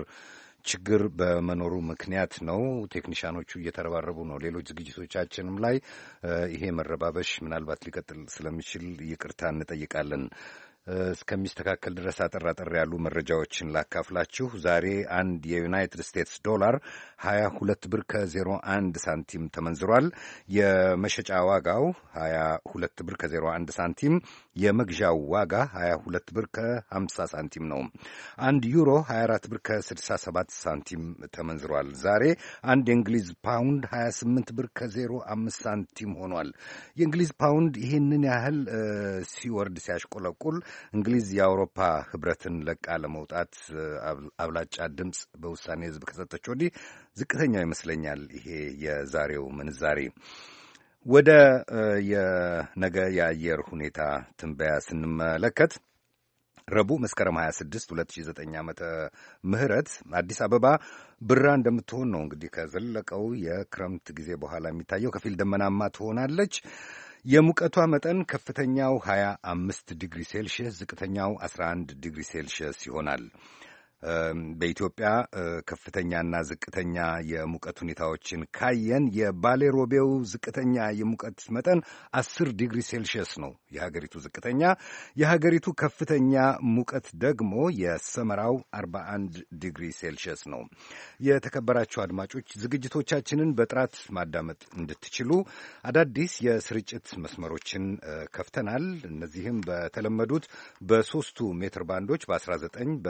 ችግር በመኖሩ ምክንያት ነው። ቴክኒሽያኖቹ እየተረባረቡ ነው። ሌሎች ዝግጅቶቻችንም ላይ ይሄ መረባበሽ ምናልባት ሊቀጥል ስለሚችል ይቅርታ እንጠይቃለን። እስከሚስተካከል ድረስ አጠር አጠር ያሉ መረጃዎችን ላካፍላችሁ። ዛሬ አንድ የዩናይትድ ስቴትስ ዶላር 22 ብር ከ01 ሳንቲም ተመንዝሯል። የመሸጫ ዋጋው 22 ብር ከ01 ሳንቲም፣ የመግዣው ዋጋ 22 ብር ከ50 ሳንቲም ነው። አንድ ዩሮ 24 ብር ከ67 ሳንቲም ተመንዝሯል። ዛሬ አንድ የእንግሊዝ ፓውንድ 28 ብር ከ05 ሳንቲም ሆኗል። የእንግሊዝ ፓውንድ ይህንን ያህል ሲወርድ ሲያሽቆለቁል እንግሊዝ የአውሮፓ ህብረትን ለቃ ለመውጣት አብላጫ ድምፅ በውሳኔ ህዝብ ከሰጠች ወዲህ ዝቅተኛው ይመስለኛል ይሄ የዛሬው ምንዛሬ። ወደ የነገ የአየር ሁኔታ ትንበያ ስንመለከት ረቡዕ መስከረም 26 2009 ዓመተ ምህረት አዲስ አበባ ብራ እንደምትሆን ነው እንግዲህ ከዘለቀው የክረምት ጊዜ በኋላ የሚታየው ከፊል ደመናማ ትሆናለች። የሙቀቷ መጠን ከፍተኛው 25 ዲግሪ ሴልሽየስ፣ ዝቅተኛው 11 ዲግሪ ሴልሽየስ ይሆናል። በኢትዮጵያ ከፍተኛና ዝቅተኛ የሙቀት ሁኔታዎችን ካየን የባሌሮቤው ዝቅተኛ የሙቀት መጠን አስር ዲግሪ ሴልሺየስ ነው የሀገሪቱ ዝቅተኛ። የሀገሪቱ ከፍተኛ ሙቀት ደግሞ የሰመራው 41 ዲግሪ ሴልሺየስ ነው። የተከበራችሁ አድማጮች ዝግጅቶቻችንን በጥራት ማዳመጥ እንድትችሉ አዳዲስ የስርጭት መስመሮችን ከፍተናል። እነዚህም በተለመዱት በሶስቱ ሜትር ባንዶች በ19 በ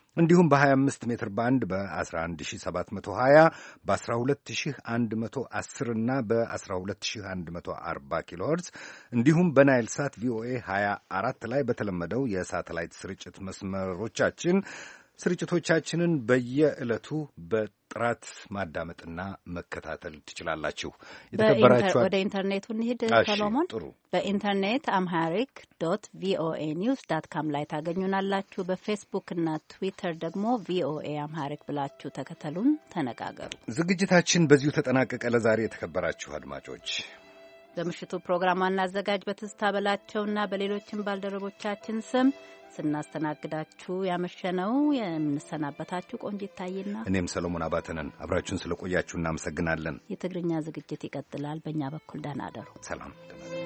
እንዲሁም በ25 ሜትር ባንድ በ11720 በ12110 እና በ12140 ኪሎ ሄርዝ እንዲሁም በናይል ሳት ቪኦኤ 24 ላይ በተለመደው የሳተላይት ስርጭት መስመሮቻችን ስርጭቶቻችንን በየዕለቱ በ ጥራት ማዳመጥና መከታተል ትችላላችሁ። የተከበራችሁ ወደ ኢንተርኔቱ እንሂድ። ሰሎሞን ጥሩ። በኢንተርኔት አምሃሪክ ዶት ቪኦኤ ኒውስ ዳት ካም ላይ ታገኙናላችሁ። በፌስቡክና ትዊተር ደግሞ ቪኦኤ አምሃሪክ ብላችሁ ተከተሉን፣ ተነጋገሩ። ዝግጅታችን በዚሁ ተጠናቀቀ። ለዛሬ የተከበራችሁ አድማጮች በምሽቱ ፕሮግራም ዋና አዘጋጅ በትዝታ በላቸውና በሌሎችም ባልደረቦቻችን ስም ስናስተናግዳችሁ ያመሸነው የምንሰናበታችሁ ቆንጂት ታይና እኔም ሰሎሞን አባተነን። አብራችሁን ስለቆያችሁ እናመሰግናለን። የትግርኛ ዝግጅት ይቀጥላል። በእኛ በኩል ደህና አደሩ። ሰላም።